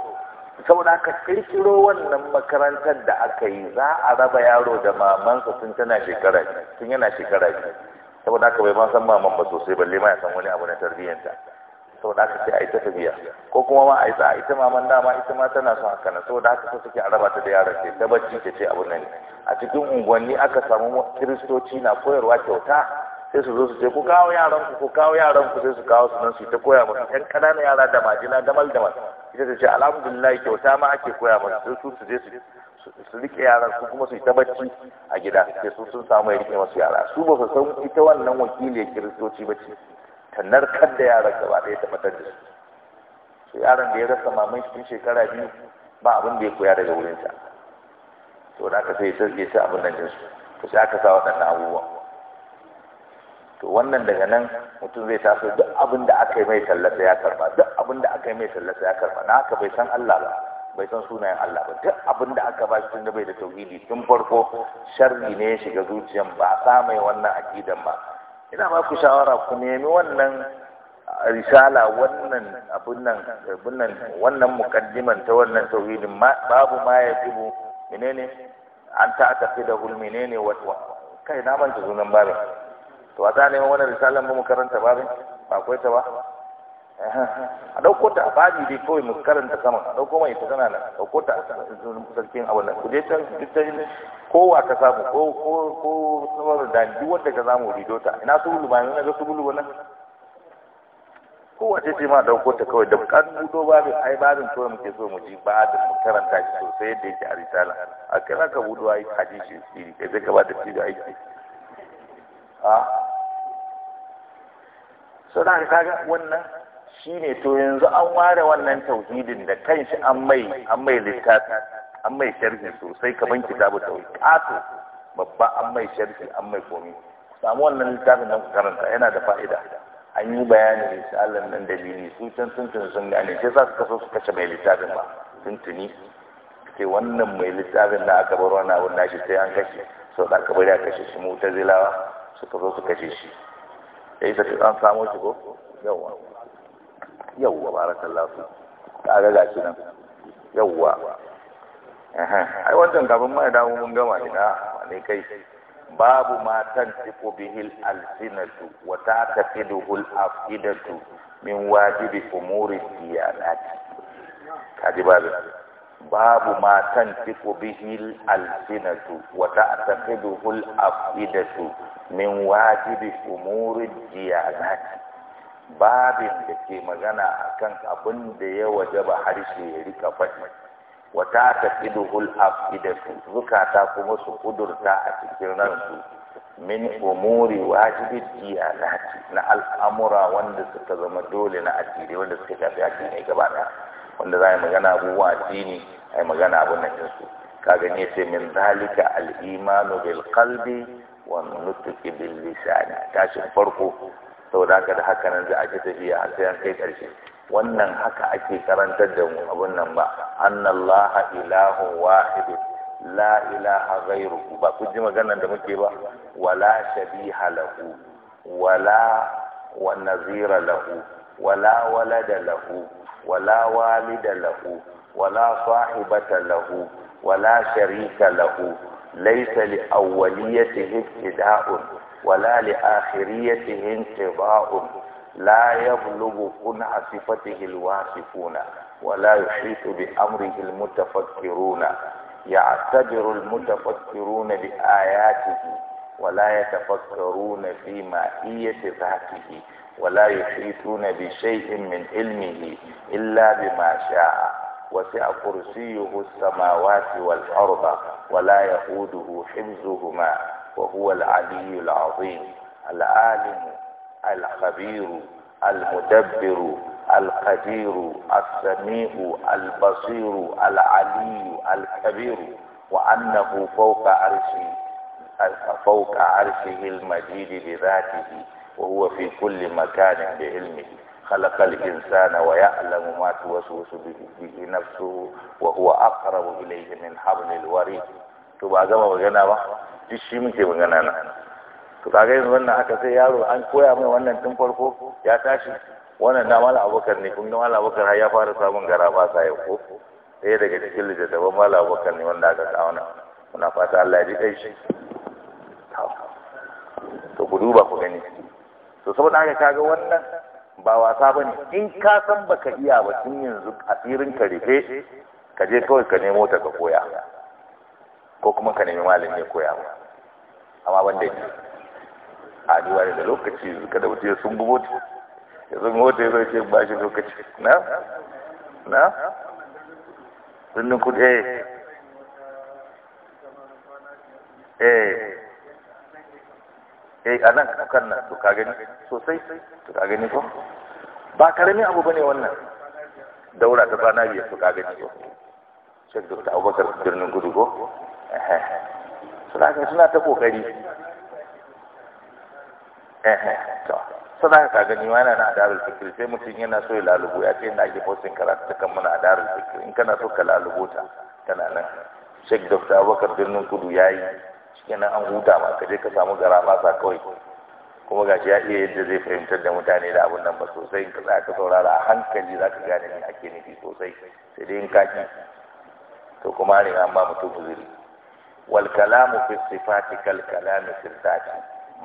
saboda aka kirkiro wannan makarantar da aka yi za a raba yaro da mamansa tun tana shekara tun yana shekara saboda haka bai ma san maman ba sosai balle ma ya san wani abu na tarbiyyanta saboda haka sai a yi ta tafiya ko kuma ma a yi sa'a ita maman dama ita ma tana son haka nan saboda haka sai suke araba ta da yaran ce ta bacci ta ce abu nan a cikin unguwanni aka samu kiristoci na koyarwa kyauta sai su zo su ce ku kawo yaran ku ku kawo yaran ku sai su kawo su nan su ta koya musu ƴan ƙananan yara da majina damal damal ita ta ce alhamdulillah kyauta ma ake koya musu sai su je su su rike yaran su kuma su yi ta bacci a gida sai su sun samu ya rike masu yara su ba su san ita wannan wakiliyar kiristoci ba ce ta narkar da yaran gaba ɗaya ta matar da su yaran da ya rasa maman shi shekara biyu ba abin da ya koya daga wurin sa. to na ka sai sai sai abin nan jinsu to sai aka sa waɗannan abubuwan to wannan daga nan mutum zai taso duk abin da aka yi mai tallata ya karba duk abin da aka yi mai tallata ya karba na haka bai san Allah ba bai san sunayen Allah ba duk abin da aka bashi tun da bai da tauhidi tun farko sharri ne shiga zuciyan ba sa mai wannan akidan ba ina ba ku shawara ku nemi wannan risala wannan abun nan abun nan wannan mukaddiman ta wannan tauhidin babu ma ya tibu menene an ta tafi da hul menene wa kai na manta sunan babin to a ta neman wannan risalan ba mu karanta babin ba akwai ta ba a ɗauko ta a bani dai kawai mu karanta sama a ɗauko mai ta tana nan ɗauko ta sarkin abu nan kuje ta littafin kowa ka samu ko ko ko samar da duk wanda ka samu rido ta ina su bulu ba na ga su bulu wannan kowa ce ce ma ɗauko ta kawai da kan budo babin ai babin kawai muke so mu ji ba da mu karanta shi sosai yadda yake a risala a kira za ka budo ai kaji shi siri kai zai ka ba da shi da aiki a ah. so da wannan Shi ne to yanzu an ware wannan tauhidin da kanshi an mai an mai littafi an mai sharhi sosai kaman kitabu tauhid kato babba an mai sharhi an mai komi samu wannan littafin nan karanta yana da fa'ida an yi bayani da shi Allah nan dalili su can tuntun sun gane sai za su kaso su kashe mai littafin ba tuni ke wannan mai littafin na aka bar wani abun nashi sai an kashe sau da aka bari a kashe shi mu ta zilawa su zo su kashe shi ya yi an samo shi ko yawa yawwa barakallahu fi ka ga shi nan yawwa ai wancan gaban mai dawo mun gama ina ne kai babu ma tantiqu bihil alsinatu wa ta'taqiduhu al-afidatu min wajibi umuri diyanat kaji babu babu ma tantiqu bihil alsinatu wa ta'taqiduhu al-afidatu min wajibi umuri diyanat babin da ke magana a kan abin da ya wajaba harshe ya rika faɗi wata ta ƙiduhul afidatu zukata kuma su ƙudurta a cikin ransu min umuri wajibin jiya na al'amura wanda suka zama dole na addini wanda suka shafi addini gaba ɗaya wanda za a yi magana abubuwan addini a yi magana abin nan ɗinsu ka gani sai min zalika al'imanu bil kalbi wa nutuki bil lisani tashin farko da haka da haka nan za a ci tafiya har sai an kai ƙarshe wannan haka ake karantar da mu abun nan ba annallaha ilahun wahidun la ilaha ghairuhu ba ku ji maganar da muke ba wala shabiha lahu wala wa nazira lahu wala walada lahu wala walida lahu wala sahibata lahu wala sharika lahu laysa li awwaliyatihi ibtida'un ولا لآخريته انقضاء لا يبلغ قنع صفته الواصفون ولا يحيط بأمره المتفكرون يعتبر المتفكرون بآياته ولا يتفكرون في ماهية ذاته ولا يحيطون بشيء من علمه إلا بما شاء وسع كرسيه السماوات والأرض ولا يقوده حفظهما وهو العلي العظيم العالم الخبير المدبر القدير السميع البصير العلي الكبير وأنه فوق عرشه فوق عرشه المجيد بذاته وهو في كل مكان بعلمه خلق الإنسان ويعلم ما توسوس به نفسه وهو أقرب إليه من حبل الوريد to ba gama magana ba duk shi muke magana na to kaga yanzu wannan aka sai yaro an koya mai wannan tun farko ya tashi wannan na mala abokan ne kuma mala abokan har ya fara samun gara ba sa yau ko ɗaya daga cikin littattafan mala abokan ne wanda aka kawo na muna fata Allah ya ji kai shi to ku duba ku gani to saboda haka kaga wannan ba wasa ba ne in ka san baka iya ba tun yanzu a ka rufe ka je kawai ka nemo ta ka koya ko kuma ka nemi malami ya koya ba amma ban da yake a duwa da lokaci suka da wuce sun gubo ta ya sun gubo ta ya zai ce ba shi lokaci na na sunnin kudi eh eh eh a nan kan nan to ka gani sosai to ka gani ko ba karamin abu bane wannan daura ta kwana biyar to ka gani ko shek da abubakar birnin gudu ko suna ka suna ta kokari to suna ka gani wani na adarar fikir sai mutum yana so ya lalubo ya ce yana ake fosin karatu ta kan muna a fikir in kana so ka lalubo ta tana nan sheik Dokta abubakar birnin kudu ya yi kenan an huta ma ka je ka samu gara masa kawai kuma gashi ya iya yadda zai fahimtar da mutane da abun nan ba sosai in ka za ka saurara a hankali za ka gane me ake nufi sosai sai dai in kaki to kuma ne an ba mutum uzuri wal kalamu fi sifati kal kalami fi zati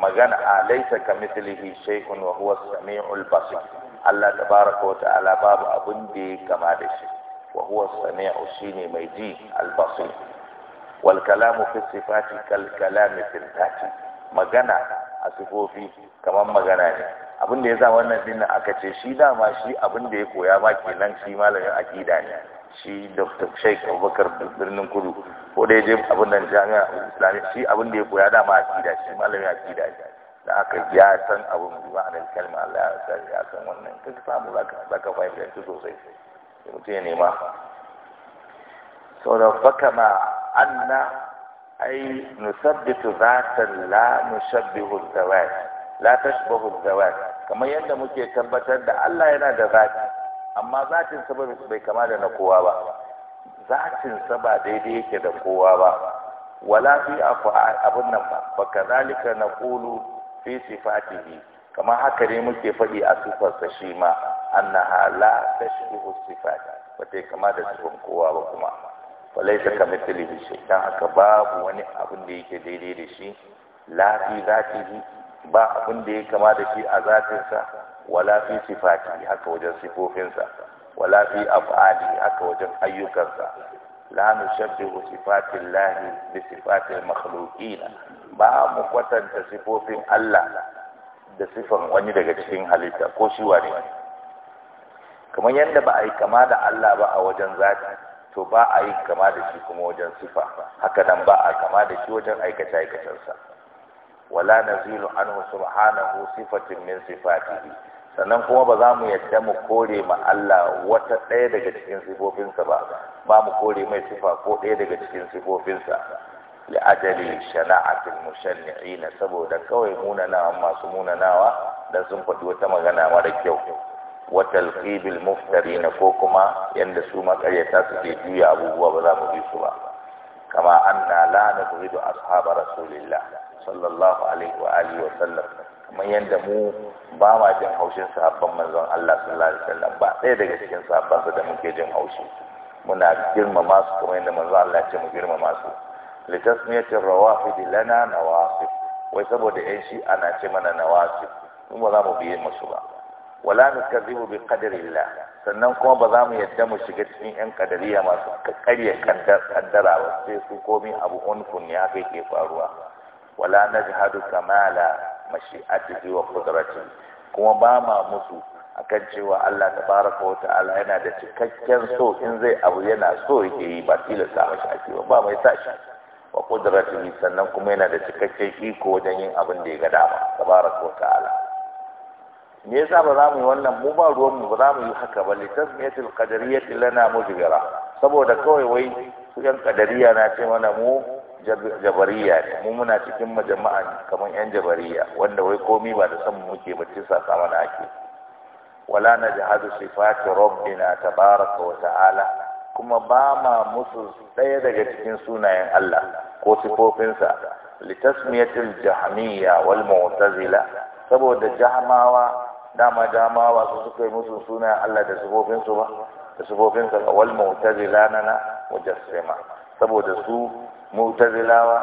magana alaysa ah, kamithlihi shay'un wa huwa as-sami'ul basir Allah tabaraka wa ta'ala babu abin da ya kama da shi wa huwa as mai ji al-basir wal kalamu fi sifati kal kalami fi magana a sifofi kamar magana ne abin da ya sa wannan dinnan aka ce shi ma shi abin da ya koya ma kenan shi malamin akida ne shi dr sheik abubakar birnin kudu ko dai je abin da jami'a islami shi abin da ya koya dama a kida shi malami a kida da aka ya san abin bi ma'anar kalma Allah ya san ya san wannan ka samu za ka fahimta shi sosai sai mutum ya nema sau da faka ma anna ai nusabbitu zatan la nushabbihu zawat la tashbahu zawat kamar yadda muke tabbatar da Allah yana da zati amma sa bai kama da na kowa ba sa ba daidai yake da kowa ba wala fi abin nan ba fa kazalika naqulu fi sifatihi kama haka ne muke faɗi a sa shi ma annaha la tashbihu sifat ba ta kama da sifan kowa ba kuma fa laysa kamithlihi shay dan haka babu wani abun da yake daidai da shi la fi zatihi ba abun da ya kama da shi a sa wala fi sifati haka wajen sifofinsa wala fi af'ali haka wajen ayyukansa la nushabbihu sifati llahi bi sifati al-makhluqin ba mu kwatanta sifofin Allah da sifan wani daga cikin halitta ko shi wani. kamar yadda ba a yi kama da Allah ba a wajen zati to ba a yi kama da shi kuma wajen sifa haka nan ba a kama da shi wajen aikace aikacensa wala nazilu anhu subhanahu sifatin min sifatihi sannan kuma ba za mu yadda mu kore ma Allah wata ɗaya daga cikin sifofinsa ba ba mu kore mai sifa ko ɗaya daga cikin sifofinsa li ajali shana'atil mushanni'in saboda kawai munanawa masu munanawa dan sun faɗi wata magana mara kyau wa talqibil muftarin ko kuma yanda su makaryata suke juya abubuwa ba za mu bi su ba kama anna la nabghidu ashab rasulillah sallallahu alaihi wa alihi wa sallam kamar yadda mu ba ma jin haushin sahabban manzon Allah sallallahu alaihi wasallam ba ɗaya daga cikin sahabban da muke jin haushi muna girmama su kamar yadda manzon Allah ya ce mu girmama su tasmiyatir rawafid lana nawasib wai saboda yan shi ana ce mana nawasib mu ba za mu biye musu ba wala nukazibu bi qadarillah sannan kuma ba za mu yadda mu shiga cikin yan kadariya masu kakkarya kaddara ba sai su komi abu unfun ne kai ke faruwa wala najhadu kamala mashi'atihi wa qudratihi kuma ba ma musu a kan cewa Allah tabaraka wa ta'ala yana da cikakken so in zai abu yana so yake yi ba sa mashi ake ba ba mai sa wa qudratihi sannan kuma yana da cikakken iko wajen yin abin da ya ga dama tabaraka wa ta'ala me yasa ba za mu yi wannan mu ba ruwan mu ba za mu yi haka ba litasmiyatul qadariyyati lana mujbira saboda kawai wai su yan qadariya na ce mana mu jabariya ne mu muna cikin majama'a kamar yan jabariya wanda wai komi ba da san muke ba sa saka mana ake wala na jihadu sifati rabbina tabaraka wa ta'ala kuma ba ma musu ɗaya daga cikin sunayen Allah ko sifofinsa litasmiyatil jahmiya wal mu'tazila saboda jahmawa dama jahmawa su suka yi musu sunayen Allah da sifofinsu ba da sifofinsa wal mu'tazila nana mujassima saboda su mu'tazilawa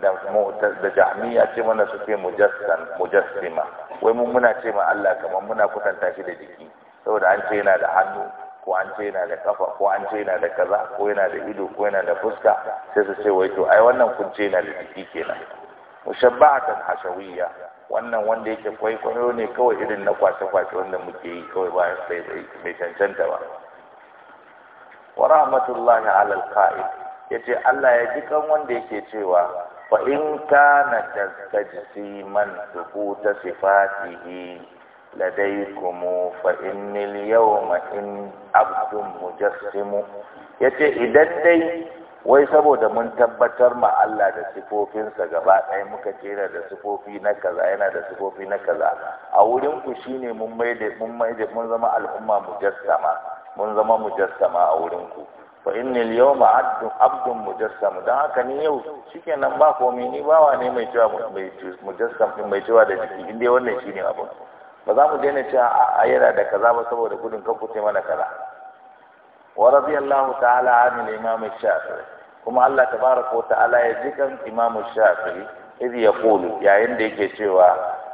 da mu'taz da jahmiya ce mana suke mujassan mujassima wai mun muna ce ma Allah kamar muna kwatanta shi da jiki saboda an ce yana da hannu ko an ce yana da kafa ko an ce yana da kaza ko yana da ido ko yana da fuska sai su ce wai to ai wannan kun ce yana da jiki kenan mushabbatan hashawiyya wannan wanda yake kwaikwayo ne kawai irin na kwace-kwace wanda muke yi kawai ba bai cancanta ba wa rahmatullahi alal qa'id Ya ce Allah ya ji kan wanda yake cewa fa in kana tastajsiman thubuta sifatihi ladaykum fa inni al-yawma in abdun Ya yace idan dai wai saboda mun tabbatar ma Allah da sifofinsa gaba ɗaya muka kera da sifofi na kaza yana da sifofi na kaza a wurin ku shine mun mun mun zama al'umma mujassama mun zama mujassama a wurin ku fa inni al-yawma abdun abdun mujassam dan haka ni yau shikenan ba komai ni bawa ne mai cewa mai mujassam din mai cewa da jiki in wannan shine abu ba za mu daina cewa a yana da kaza ba saboda gudun kakkuce mana kaza wa radiyallahu ta'ala an imam shafi'i kuma Allah tabaraka wa ta'ala ya jikan imam shafi'i idh yaqulu yayin da yake cewa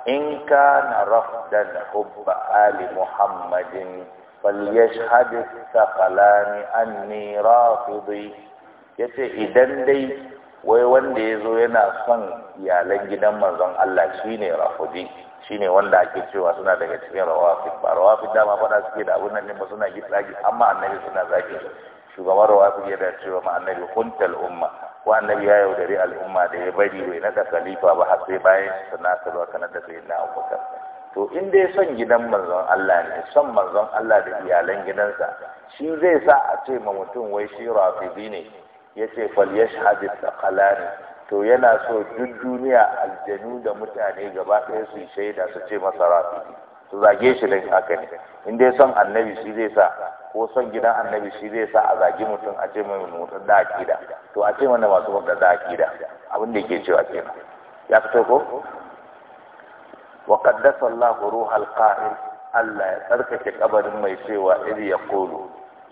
in kana rafdan hubba ali muhammadin falyashhad saqalani anni rafidi yace idan dai wai wanda ya zo yana son iyalan gidan manzon Allah shine rafidi shine wanda ake cewa suna daga cikin rawafid ba rawafid dama faɗa suke da abun nan ne ba suna gitsagi amma annabi suna zaki shugaban rawafid yana cewa ma annabi kuntal umma wa annabi ya yaudari al'umma da ya bari bai nada khalifa ba har sai bayan sanata ba kana da na Abubakar to in dai son gidan manzon Allah ne son manzon Allah da iyalan gidansa shi zai sa a ce ma mutum wai shi rafizi ne ya yace falyashhad da qalani to yana so duk duniya aljanu da mutane gaba ɗaya su shaida su ce masa rafizi su zage shi da haka ne in dai son annabi shi zai sa ko son gidan annabi shi zai sa a zagi mutum a ce mai mutum da akida to a ce mana masu wanda da akida abin da yake cewa kenan ya fito ko wa qaddasa Allahu ruhal Allah ya tsarkake kabarin mai cewa iri ya kulu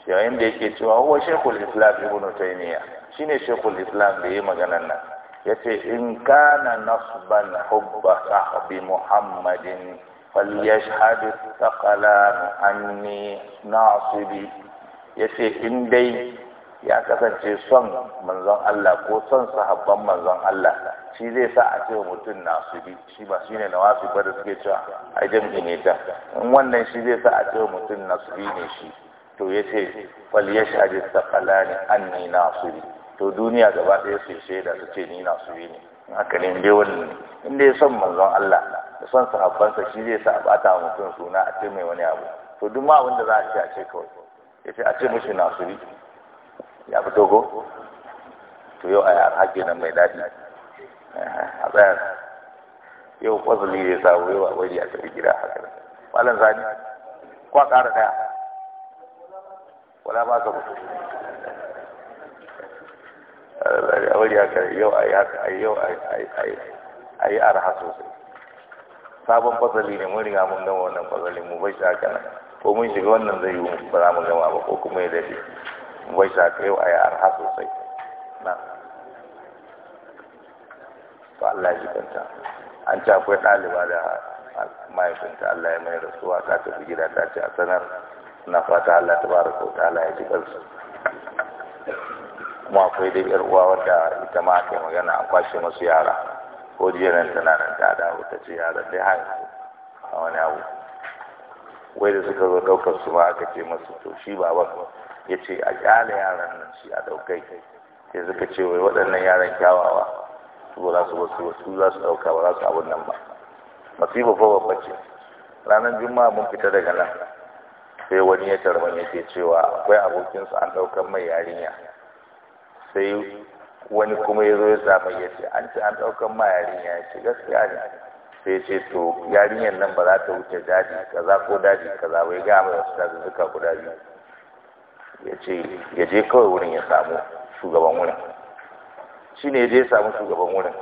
yayin da yake cewa huwa shekul islam ibn taymiya shine shekul islam ya yi maganan nan yace in kana nasban hubba sahbi muhammadin falyashhad thaqalan anni nasibi yace in dai ya kasance son manzon Allah ko son sahabban manzon Allah shi zai sa a ce mutum na su bi shi ba shine na wasu ba da suke cewa a jam'i ta in wannan shi zai sa a ce mutum na su bi ne shi to ya ce fal ni na su bi to duniya gaba ɗaya su shaida su ce ni na su bi ne in haka ne dai wannan ne in dai son manzon Allah da son sahabbansa shi zai sa a bata mutum suna a ce mai wani abu to duk ma abin da za a ce a ce kawai ya ce a ce su bi? ya fito ko to yau a yara haƙe nan mai daɗi eh, a tsayar yau fasali ne sabo yau a wani a tafi gida haka malam zani kwa ƙara ɗaya wala ba ka mutu a wani kare yau a yi haka a yau a yi arha sosai sabon fasali ne mun riga mun gama wannan fasali mu bai shi haka nan ko mun shiga wannan zai yi ba za mu gama ba ko kuma ya daɗe wai yi wa ya arha sosai na ba Allah ji kanta an ci akwai ɗaliba da mahaifinta Allah ya mai rasuwa ta tafi gida ta ce a sanar na fata Allah ta bara ko Allah ya ji kansu kuma akwai dai yar uwa wadda ita ma ke magana a kwashe masu yara ko jiya nan tana nan ta dawo ta ce yara dai haihu a wani abu wai da suka zo ɗaukar su ba aka ce masu to shi baban ya ce a ƙyale yaran nan shi a ɗaukai sai suka ce wai waɗannan yaran kyawawa su ba su wasu wasu za su ɗauka ba za su abin nan ba masifa fa babba ce ranar juma'a mun fita daga nan sai wani ya ne ke cewa akwai abokinsu an ɗaukan mai yarinya sai wani kuma ya zo ya samu ya ce an ce an ɗaukar ma yarinya ya ce gaskiya ne sai ce to yarinyar nan ba za ta wuce daji kaza ko daji kaza bai ga mai wasu dazuzzuka guda biyu ya ce ya je kawai wurin ya samu shugaban wurin shi ne ya je ya samu shugaban wurin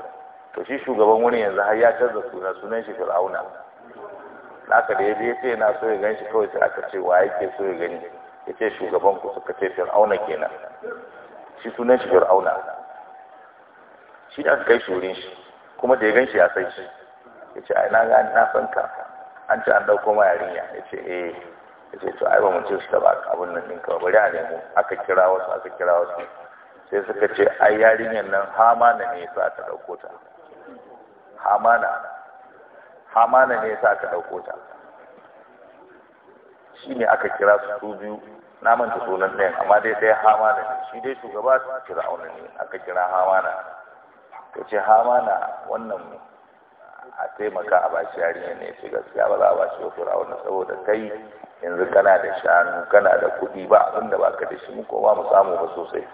to shi shugaban wurin yanzu har ya canza suna sunan shi fir'auna naka da ya je ya ce na so ya gan shi kawai sai aka ce wa yake so ya gani ya ce shugaban ku suka ce fir'auna kenan shi sunan shi fir'auna shi da aka kai shi wurin shi kuma da ya gan shi ya san shi ya ce ai na na san ka an ce an ɗauko ma yarinya ya ce eh ce su ai ba mu ce su taba abin nan ɗinka ba bari a nemo aka kira wasu aka kira wasu sai suka ce ai yarinyar nan hamana ne sa ta ɗauko ta hamana hamana ne sa ta ɗauko ta shi ne aka kira su su biyu na manta sunan ɗayan amma dai ɗaya hamana ne shi dai shugaba su kira auna ne aka kira hamana ta ce hamana wannan a taimaka a bashi yarinyar ne ce gaskiya ba za a bashi wa fir'auna saboda kai yanzu kana da shanu kana da kuɗi ba abin da baka da shi mu koma mu samu ba sosai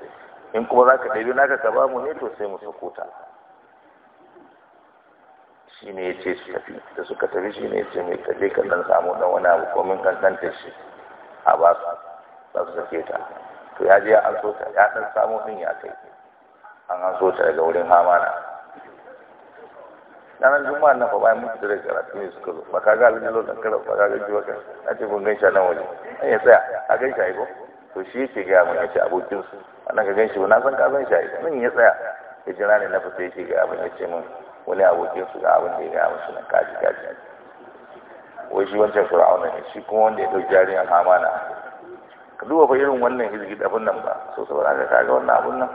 in kuma za ka ɗabi naka ka bamu ne to sai mu sako ta shi ne ya ce su tafi da suka tafi shi ne ya ce mai kalle ka dan samu dan wani abu komin kankanta shi a ba su za su sake ta to ya je ya an so ta ya dan samu din ya kai an an so ta daga wurin hamana ranar juma'a nan fa bayan mutu da karatu ne suka zo ba ka ga alimilo da kada ba ka ga jiwa ka a ce kun gaisha nan waje an ya tsaya a gaisha ai ko to shi yake ga mun ya ce abokin su nan ka ganshi ba na san ka san shi nan ya tsaya ya jira ne na fita yake ga mun ya ce mun wani abokin su ga abin da ya gaya mun sunan kaji kaji wai shi wancan fir'auna ne shi kuma wanda ya dauki jariyan hamana ka duba fa irin wannan hizgi abin nan ba so saboda ka ga wannan abin nan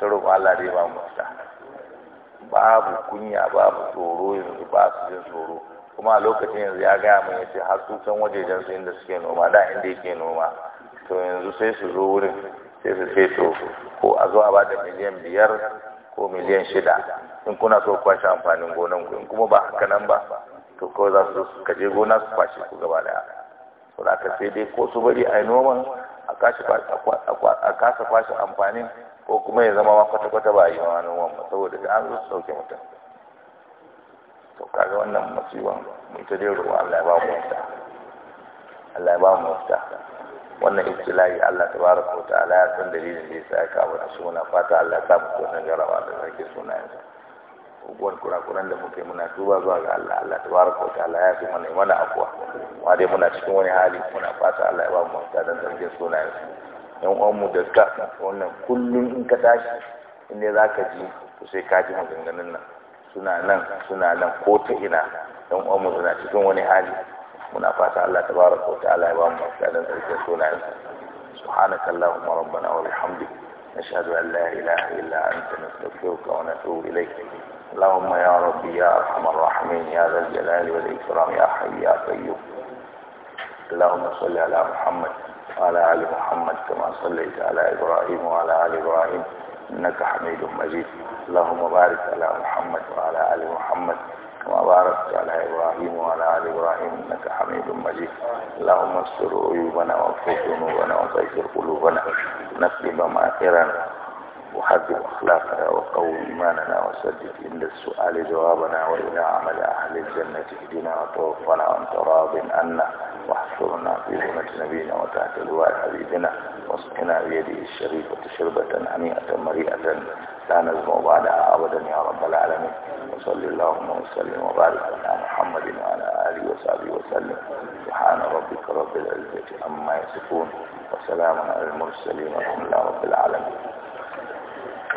ta roƙo Allah da ya ba mu mafita babu kunya babu tsoro yanzu ba su jin tsoro kuma a lokacin yanzu ya gaya mun yace har su san wajejen su inda suke noma da inda yake noma to yanzu sai su zo wurin sai su ce to ko a zo a ba da miliyan biyar ko miliyan shida in kuna so kwashe amfanin gonan ku in kuma ba haka nan ba to kawai za su ka kaje gona su kwashe ku gaba da to da sai dai ko su bari a yi noman a kasa kwashe amfanin ko kuma ya zama ma kwata-kwata ba a yi ma noman saboda da an zuwa sauke mutum to kaga wannan masiwan mai ta dai ruwa Allah ya ba mu mafita Allah ya ba mu mafita wannan ibtila'i Allah ta ko ta ala ya san dalilin da ya sa ya kawo da suna fata Allah ya sa mu nan jarawa da sarki sunayensa kura kurakuran da muke muna tuba zuwa ga Allah Allah ta ko ta ala ya fi mana mana akwa wa dai muna cikin wani hali muna fata Allah ya ba mu mafita dan sarki yanzu. yan uwanmu da suka wannan kullum in ka tashi inda za ka ji to sai ka ji maganganun nan suna nan suna nan ko ta ina yan uwanmu suna cikin wani hali muna fata Allah ta tabaraka wa ta'ala ya ba mu lafiya dan sarkin sunayen ma allahumma rabbana wa bihamdika nashhadu an la ilaha illa anta nastaghfiruka wa natubu ilayk اللهم يا ربي يا ارحم الراحمين يا ذا الجلال والاكرام يا حي يا قيوم masu صل على محمد وعلى آل محمد كما صليت على إبراهيم وعلى آل إبراهيم إنك حميد مجيد اللهم بارك على محمد وعلى آل محمد كما باركت على إبراهيم وعلى آل إبراهيم إنك حميد مجيد اللهم استر عيوبنا واغفر ذنوبنا وطهر قلوبنا نقلب مآخرنا وحذب أخلاقنا وقوي إيماننا وسدد عند السؤال جوابنا وإلى عمل أهل الجنة اهدنا وتوفنا وأنت راض عنا واحفظنا في ذمة نبينا وتحت لواء حبيبنا واسقنا بيده الشريفة شربة هنيئة مريئة لا نزم بعدها أبدا يا رب العالمين وصل اللهم وسلم وبارك على محمد وعلى آله وصحبه وسلم سبحان ربك رب العزة عما يصفون وسلام على المرسلين والحمد لله رب العالمين